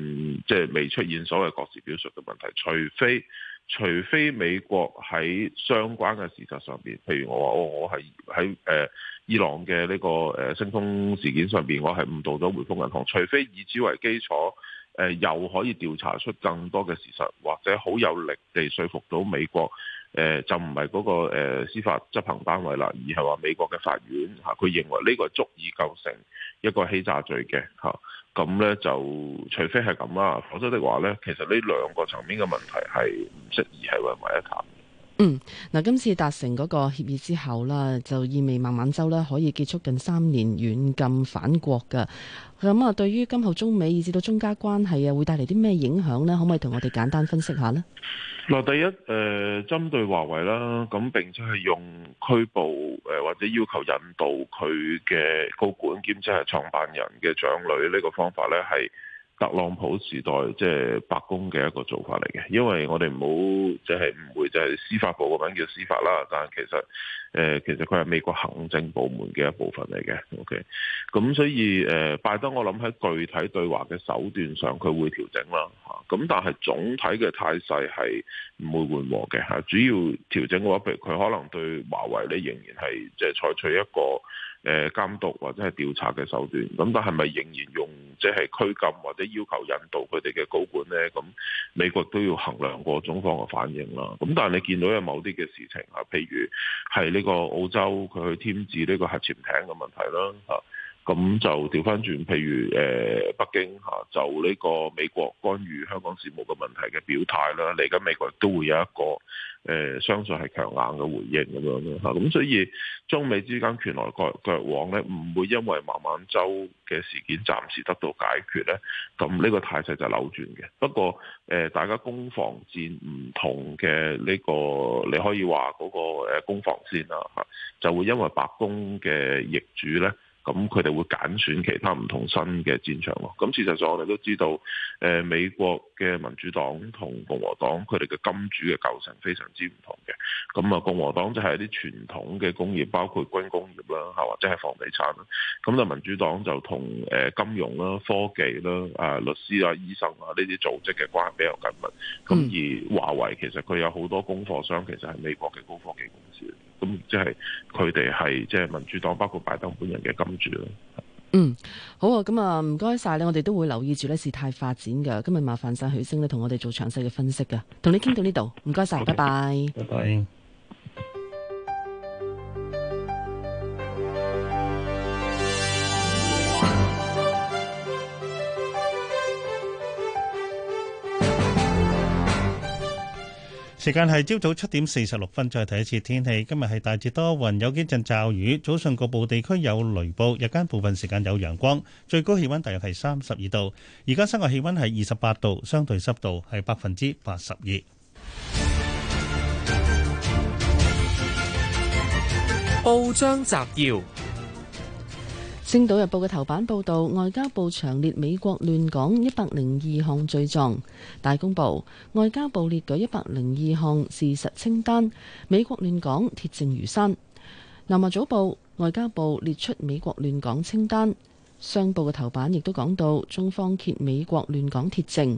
即係未出現所謂各自表述嘅問題，除非。除非美國喺相關嘅事實上邊，譬如我話我我係喺誒伊朗嘅呢個誒星通事件上邊，我係誤導咗匯豐銀行。除非以此為基礎，誒又可以調查出更多嘅事實，或者好有力地說服到美國，誒就唔係嗰個誒司法執行單位啦，而係話美國嘅法院嚇佢認為呢個足以構成一個欺詐罪嘅，好。咁咧就除非係咁啦。否則的話咧，其實呢兩個層面嘅問題係唔適宜係混為一談。嗯，嗱，今次達成嗰個協議之後啦，就意味孟晚舟咧可以結束近三年軟禁返國噶。咁啊，對於今後中美以至到中加關係啊，會帶嚟啲咩影響呢？可唔可以同我哋簡單分析下呢？嗱，第一誒、呃，針對華為啦，咁並且係用拘捕誒或者要求引渡佢嘅高管兼即係創辦人嘅長女呢個方法咧係。特朗普時代即係、就是、白宮嘅一個做法嚟嘅，因為我哋唔好即係誤會，就係司法部個名叫司法啦，但係其實誒、呃、其實佢係美國行政部門嘅一部分嚟嘅。OK，咁所以誒、呃，拜登我諗喺具體對華嘅手段上，佢會調整啦嚇，咁、啊、但係總體嘅態勢係唔會緩和嘅嚇、啊。主要調整嘅話，譬如佢可能對華為咧，仍然係即係採取一個誒監督或者係調查嘅手段，咁但係咪仍然用即係拘禁或者要求引渡佢哋嘅高管呢？咁、嗯、美國都要衡量過中方嘅反應啦。咁但係你見到有某啲嘅事情啊，譬如係呢個澳洲佢去添置呢個核潛艇嘅問題啦咁就掉返轉，譬如誒北京嚇，就呢個美國干預香港事務嘅問題嘅表態啦，嚟緊美國都會有一個誒、呃，相信係強硬嘅回應咁樣咯嚇。咁所以中美之間拳來腳腳往咧，唔會因為孟晚舟嘅事件暫時得到解決咧。咁呢個態勢就扭轉嘅。不過誒、呃，大家攻防戰唔同嘅呢、這個，你可以話嗰個攻防線啦嚇，就會因為白宮嘅易主咧。咁佢哋會揀選，選其他唔同的新嘅戰場咯。咁事實上我哋都知道，誒美國嘅民主黨同共和黨佢哋嘅金主嘅構成非常之唔同嘅。咁啊共和黨就係一啲傳統嘅工業，包括軍工業啦，或者係房地產啦。咁就民主黨就同誒金融啦、科技啦、啊律師啊、醫生啊呢啲組織嘅關係比較緊密。咁而華為其實佢有好多供貨商，其實係美國嘅高科技公司。咁即係佢哋係即係民主黨，包括拜登本人嘅金主咯。嗯，好啊，咁啊，唔該晒咧，我哋都會留意住呢事態發展噶。今日麻煩晒許生，咧，同我哋做詳細嘅分析噶。同你傾到呢度，唔該晒，Okay. 拜拜。拜拜。拜拜。時間係朝早七點四十六分，再睇一次天氣。今日係大致多雲，有幾陣驟雨。早上局部地區有雷暴，日間部分時間有陽光。最高氣温大約係三十二度。而家室外氣温係二十八度，相對濕度係百分之八十二。報章摘要。《星島日報》嘅頭版報道，外交部長列美國亂港一百零二項罪狀。大公報，外交部列舉一百零二項事實清單，美國亂港鐵證如山。《南華早報》外交部列出美國亂港清單。《商報》嘅頭版亦都講到，中方揭美國亂港鐵證。《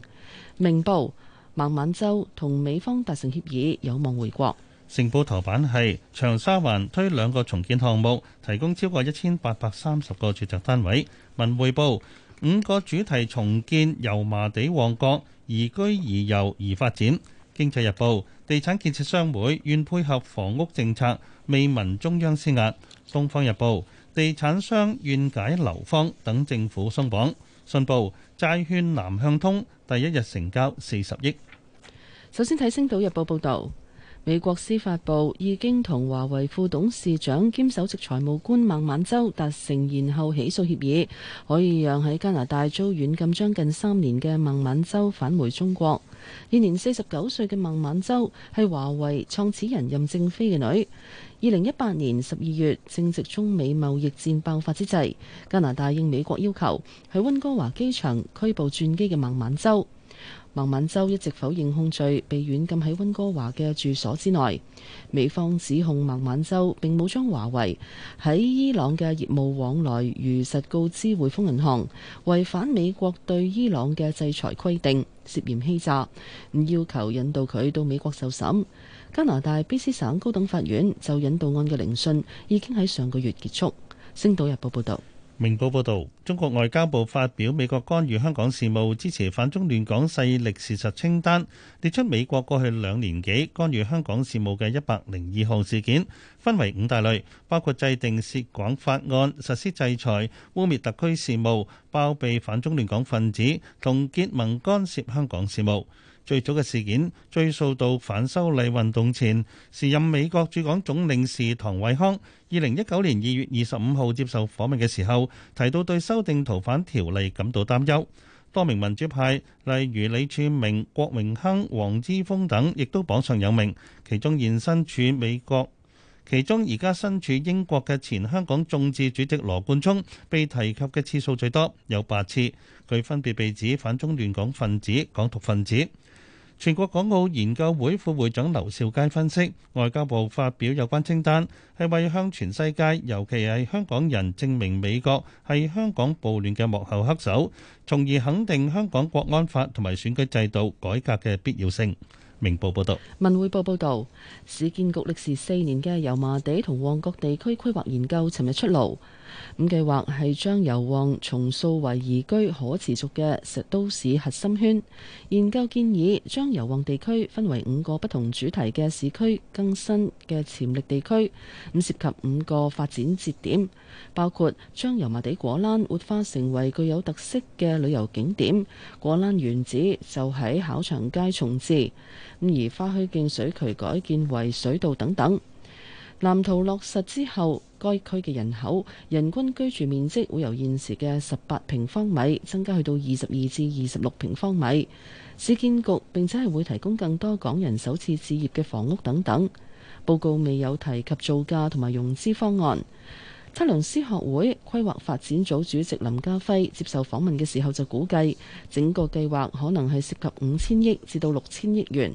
明報》孟晚舟同美方達成協議，有望回國。城報頭版係長沙灣推兩個重建項目，提供超過一千八百三十個住宅單位。文匯報五個主題重建油麻地旺角，宜居宜遊而發展。經濟日報地產建設商會願配合房屋政策，未聞中央施壓。東方日報地產商願解樓荒，等政府鬆綁。信報債券南向通第一日成交四十億。首先睇星島日報報導。美國司法部已經同華為副董事長兼首席財務官孟晚舟達成延後起訴協議，可以讓喺加拿大遭軟禁將近三年嘅孟晚舟返回中國。現年四十九歲嘅孟晚舟係華為創始人任正非嘅女。二零一八年十二月正值中美貿易戰爆發之際，加拿大應美國要求喺溫哥華機場拘捕轉機嘅孟晚舟。孟晚舟一直否認控罪，被軟禁喺溫哥華嘅住所之內。美方指控孟晚舟並冇將華為喺伊朗嘅業務往來如實告知匯豐銀行，違反美國對伊朗嘅制裁規定，涉嫌欺詐，要求引渡佢到美國受審。加拿大 BC 省高等法院就引渡案嘅聆訊已經喺上個月結束。星島日報報道。明報報道，中國外交部發表美國干預香港事務、支持反中亂港勢力事實清單，列出美國過去兩年幾干預香港事務嘅一百零二項事件，分為五大類，包括制定涉港法案、實施制裁、污蔑特區事務、包庇反中亂港分子、同結盟干涉香港事務。最早嘅事件，追溯到反修例運動前，時任美國駐港總領事唐惠康，二零一九年二月二十五號接受訪問嘅時候，提到對修訂逃犯條例感到擔憂，多名民主派，例如李柱銘、郭榮鏗、黃之鋒等，亦都榜上有名。其中現身處美國，其中而家身處英國嘅前香港眾志主席羅冠聰被提及嘅次數最多，有八次，佢分別被指反中亂港分子、港獨分子。全國港澳研究會副會長劉兆佳分析，外交部發表有關清單，係為向全世界，尤其係香港人，證明美國係香港暴亂嘅幕後黑手，從而肯定香港國安法同埋選舉制度改革嘅必要性。明報報道。文匯報報道，市建局歷時四年嘅油麻地同旺角地區規劃研究，尋日出爐。咁計劃係將油旺重塑為宜居可持續嘅石都市核心圈，研究建議將油旺地區分為五個不同主題嘅市區更新嘅潛力地區，咁涉及五個發展節點，包括將油麻地果欄活化成為具有特色嘅旅遊景點，果欄原址就喺考場街重置，咁而花墟徑水渠改建為水道等等。藍圖落實之後，該區嘅人口、人均居住面積會由現時嘅十八平方米增加去到二十二至二十六平方米。市建局並且係會提供更多港人首次置業嘅房屋等等。報告未有提及造價同埋融資方案。測量師學會規劃發展組主席林家輝接受訪問嘅時候就估計，整個計劃可能係涉及五千億至到六千億元。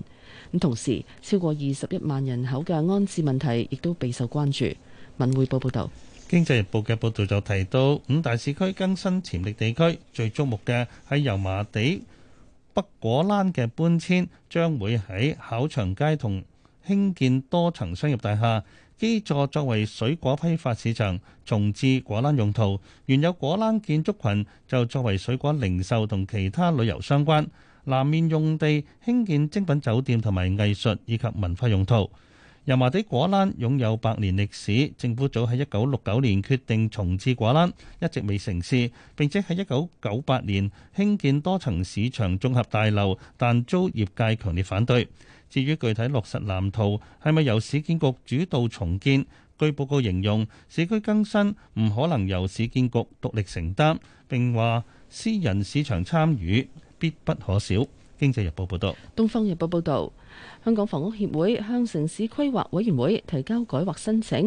咁同時超過二十一萬人口嘅安置問題亦都備受關注。文匯報報道，經濟日報嘅報道就提到，五大市區更新潛力地區最矚目嘅喺油麻地北果欄嘅搬遷將會喺考場街同興建多層商業大廈基座，作為水果批發市場，重置果欄用途，原有果欄建築群就作為水果零售同其他旅遊相關。南面用地興建精品酒店同埋藝術以及文化用途。油麻地果欄擁有百年歷史，政府早喺一九六九年決定重置果欄，一直未成事。並且喺一九九八年興建多層市場綜合大樓，但遭業界強烈反對。至於具體落實藍圖係咪由市建局主導重建？據報告形容，市區更新唔可能由市建局獨立承擔。並話私人市場參與，必不可少。經濟日報報道，東方日報報道。香港房屋協會向城市規劃委員會提交改劃申請，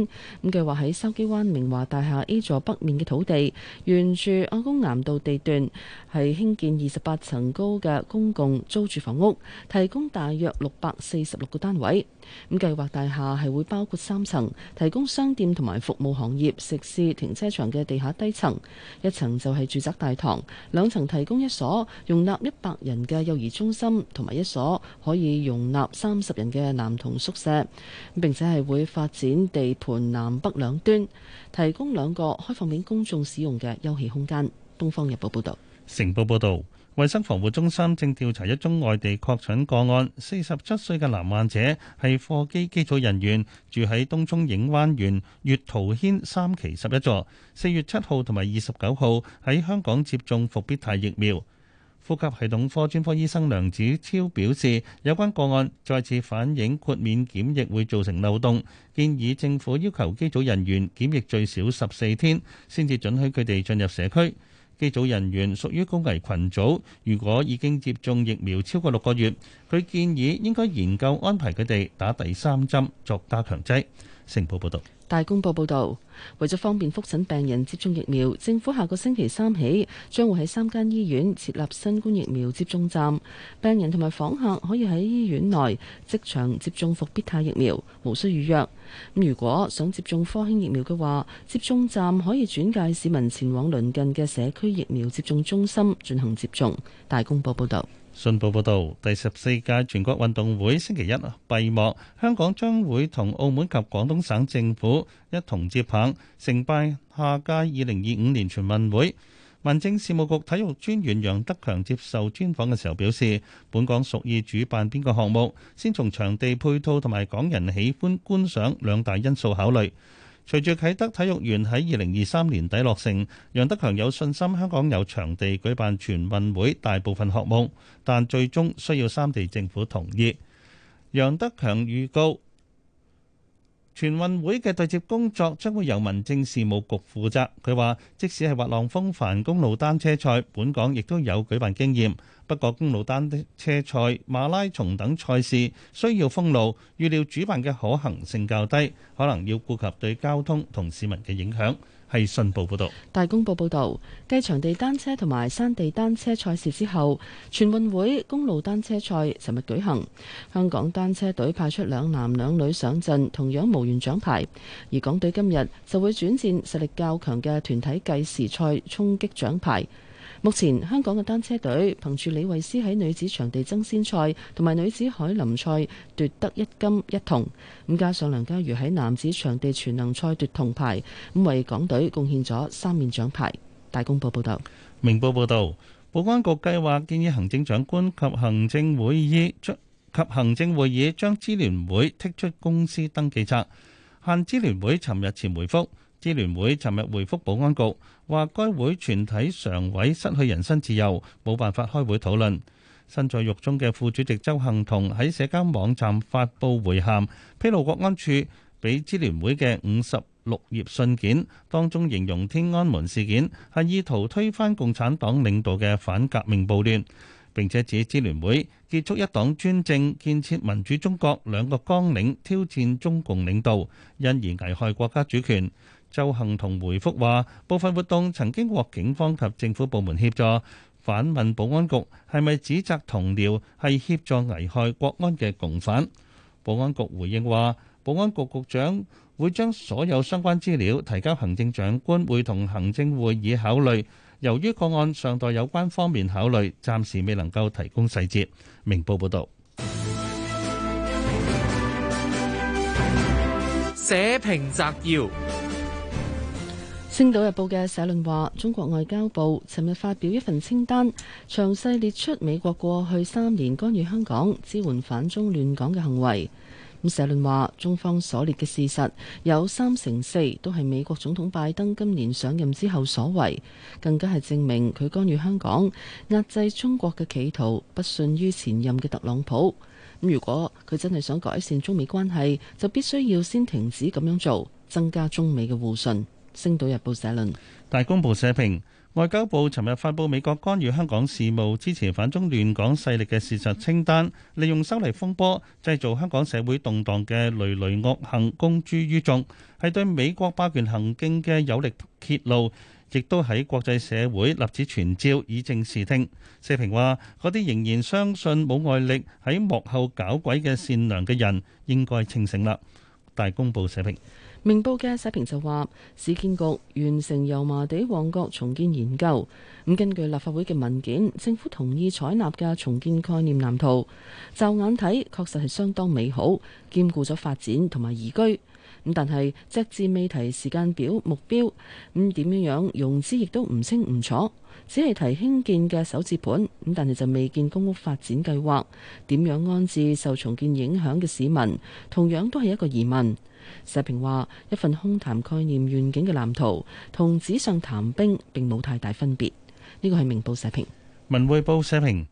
咁計劃喺筲箕灣明華大廈 A 座北面嘅土地，沿住阿公岩道地段，係興建二十八層高嘅公共租住房屋，提供大約六百四十六個單位。咁計劃大廈係會包括三層，提供商店同埋服務行業、食肆、停車場嘅地下低層，一層就係住宅大堂，兩層提供一所容納一百人嘅幼兒中心同埋一所可以容納。三十人嘅男童宿舍，並且係會發展地盤南北兩端，提供兩個開放俾公眾使用嘅休憩空間。東方日報報道，成報報道，衛生防護中心正調查一宗外地確診個案，四十七歲嘅男患者係貨機機組人員，住喺東涌影灣園月桃軒三期十一座，四月七號同埋二十九號喺香港接種伏必泰疫苗。呼吸系統科專科醫生梁子超表示，有關個案再次反映豁免檢疫會造成漏洞，建議政府要求機組人員檢疫最少十四天，先至准許佢哋進入社區。機組人員屬於高危群組，如果已經接種疫苗超過六個月，佢建議應該研究安排佢哋打第三針作加強劑。成報報道，大公報報道，為咗方便復診病人接種疫苗，政府下個星期三起將會喺三間醫院設立新冠疫苗接種站，病人同埋訪客可以喺醫院內即場接種復必泰疫苗，無需預約。咁如果想接種科興疫苗嘅話，接種站可以轉介市民前往鄰近嘅社區疫苗接種中心進行接種。大公報報道。信報報導，第十四屆全國運動會星期一閉幕，香港將會同澳門及廣東省政府一同接棒，承辦下屆二零二五年全運會。民政事務局體育專員楊德強接受專訪嘅時候表示，本港屬意主辦邊個項目，先從場地配套同埋港人喜歡觀賞兩大因素考慮。隨住啟德體育園喺二零二三年底落成，楊德強有信心香港有場地舉辦全運會大部分項目，但最終需要三地政府同意。楊德強預告，全運會嘅對接工作將會由民政事務局負責。佢話，即使係滑浪風帆、公路單車賽，本港亦都有舉辦經驗。不過，公路單車賽、馬拉松等賽事需要封路，預料主辦嘅可行性較低，可能要顧及對交通同市民嘅影響。係信報報導，大公報報導，繼場地單車同埋山地單車賽事之後，全運會公路單車賽尋日舉行，香港單車隊派出兩男兩女上陣，同樣無緣獎牌，而港隊今日就會轉戰實力較強嘅團體計時賽，衝擊獎牌。目前香港嘅單車隊憑住李慧詩喺女子場地爭先賽同埋女子海林賽奪得一金一銅，咁加上梁嘉儒喺男子場地全能賽奪銅牌，咁為港隊貢獻咗三面獎牌。大公報報道，明報報道，保安局計劃建議行政長官及行政會議將及行政會議將支聯會剔出公司登記冊。限支聯會尋日前回覆支聯會尋日回覆保安局，話該會全體常委失去人身自由，冇辦法開會討論。身在獄中嘅副主席鄒幸彤喺社交網站發布回函，披露國安處俾支聯會嘅五十六頁信件，當中形容天安門事件係意圖推翻共產黨領導嘅反革命暴亂，並且指支聯會結束一黨專政、建設民主中國兩個綱領挑戰中共領導，因而危害國家主權。周幸同回覆話：部分活動曾經獲警方及政府部門協助。反問保安局係咪指責同僚係協助危害國安嘅共犯？保安局回應話：保安局局長會將所有相關資料提交行政長官會同行政會議考慮。由於個案尚待有關方面考慮，暫時未能夠提供細節。明報報導。社評摘要。《星島日報》嘅社論話，中國外交部尋日發表一份清單，詳細列出美國過去三年干預香港、支援反中亂港嘅行為。咁社論話，中方所列嘅事實有三成四都係美國總統拜登今年上任之後所為，更加係證明佢干預香港、壓制中國嘅企圖不遜於前任嘅特朗普。如果佢真係想改善中美關係，就必須要先停止咁樣做，增加中美嘅互信。《星島日報》社論。大公報社評：外交部尋日發佈美國干預香港事務、支持反中亂港勢力嘅事實清單，利用修例風波製造香港社會動蕩嘅累累惡行公諸於眾，係對美國霸權行徑嘅有力揭露，亦都喺國際社會立此存照，以正視聽。社評話：嗰啲仍然相信冇外力喺幕後搞鬼嘅善良嘅人，應該清醒啦。大公報社評，明報嘅社評就話，市建局完成油麻地旺角重建研究。咁根據立法會嘅文件，政府同意採納嘅重建概念藍圖。驟眼睇，確實係相當美好，兼顧咗發展同埋宜居。咁但係隻字未提時間表、目標咁點、嗯、樣樣融資亦都唔清唔楚，只係提興建嘅首置盤咁，但係就未見公屋發展計劃點樣安置受重建影響嘅市民，同樣都係一個疑問。社評話：一份空談概念、願景嘅藍圖同紙上談兵並冇太大分別。呢、這個係明報社評，文匯報社評。.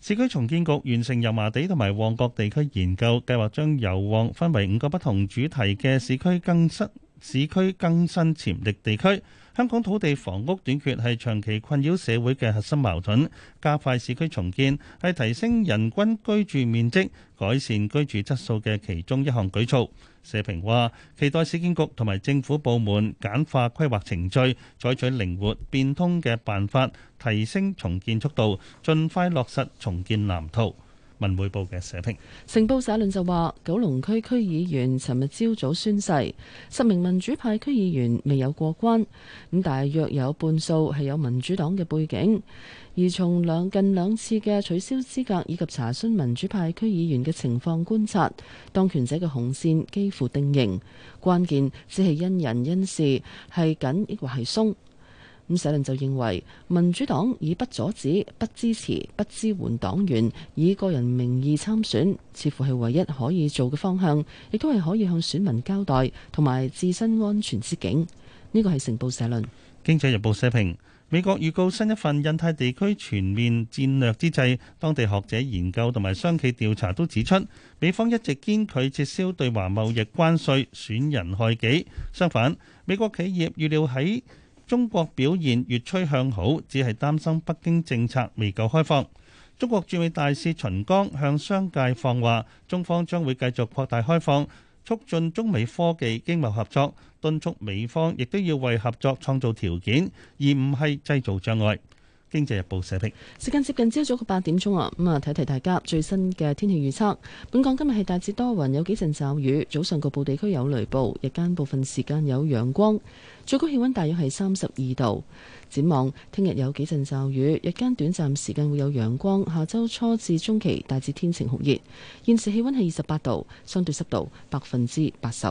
市區重建局完成油麻地同埋旺角地區研究計劃，將油旺分為五個不同主題嘅市區更，更新、市區更新潛力地區。香港土地房屋短缺係長期困擾社會嘅核心矛盾，加快市區重建係提升人均居住面積、改善居住質素嘅其中一項舉措。社評話：期待市建局同埋政府部門簡化規劃程序，採取靈活變通嘅辦法，提升重建速度，盡快落實重建藍圖。文匯報嘅社評，成報社論就話：九龍區區議員尋日朝早宣誓，十名民主派區議員未有過關，咁大約有半數係有民主黨嘅背景。而從兩近兩次嘅取消資格以及查詢民主派區議員嘅情況觀察，當權者嘅紅線幾乎定型，關鍵只係因人因事，係緊抑或係鬆。咁社論就認為，民主黨以不阻止、不支持、不支援黨員以個人名義參選，似乎係唯一可以做嘅方向，亦都係可以向選民交代同埋自身安全之境。呢個係《成報社論》社論，《經濟日報》社評。美國預告新一份印太地區全面戰略之際，當地學者研究同埋商企調查都指出，美方一直堅拒撤銷對華貿易關稅，損人害己。相反，美國企業預料喺中國表現越趨向好，只係擔心北京政策未夠開放。中國駐美大使秦剛向商界放話，中方將會繼續擴大開放，促進中美科技經貿合作，敦促美方亦都要為合作創造條件，而唔係製造障礙。《經濟日報》社評。時間接近朝早嘅八點鐘啊，咁啊睇睇大家最新嘅天氣預測。本港今日係大致多雲，有幾陣驟雨，早上局部地區有雷暴，日間部分時間有陽光，最高氣温大約係三十二度。展望聽日有幾陣驟雨，日間短暫時間會有陽光。下周初至中期大致天晴酷熱。現時氣温係二十八度，相對濕度百分之八十。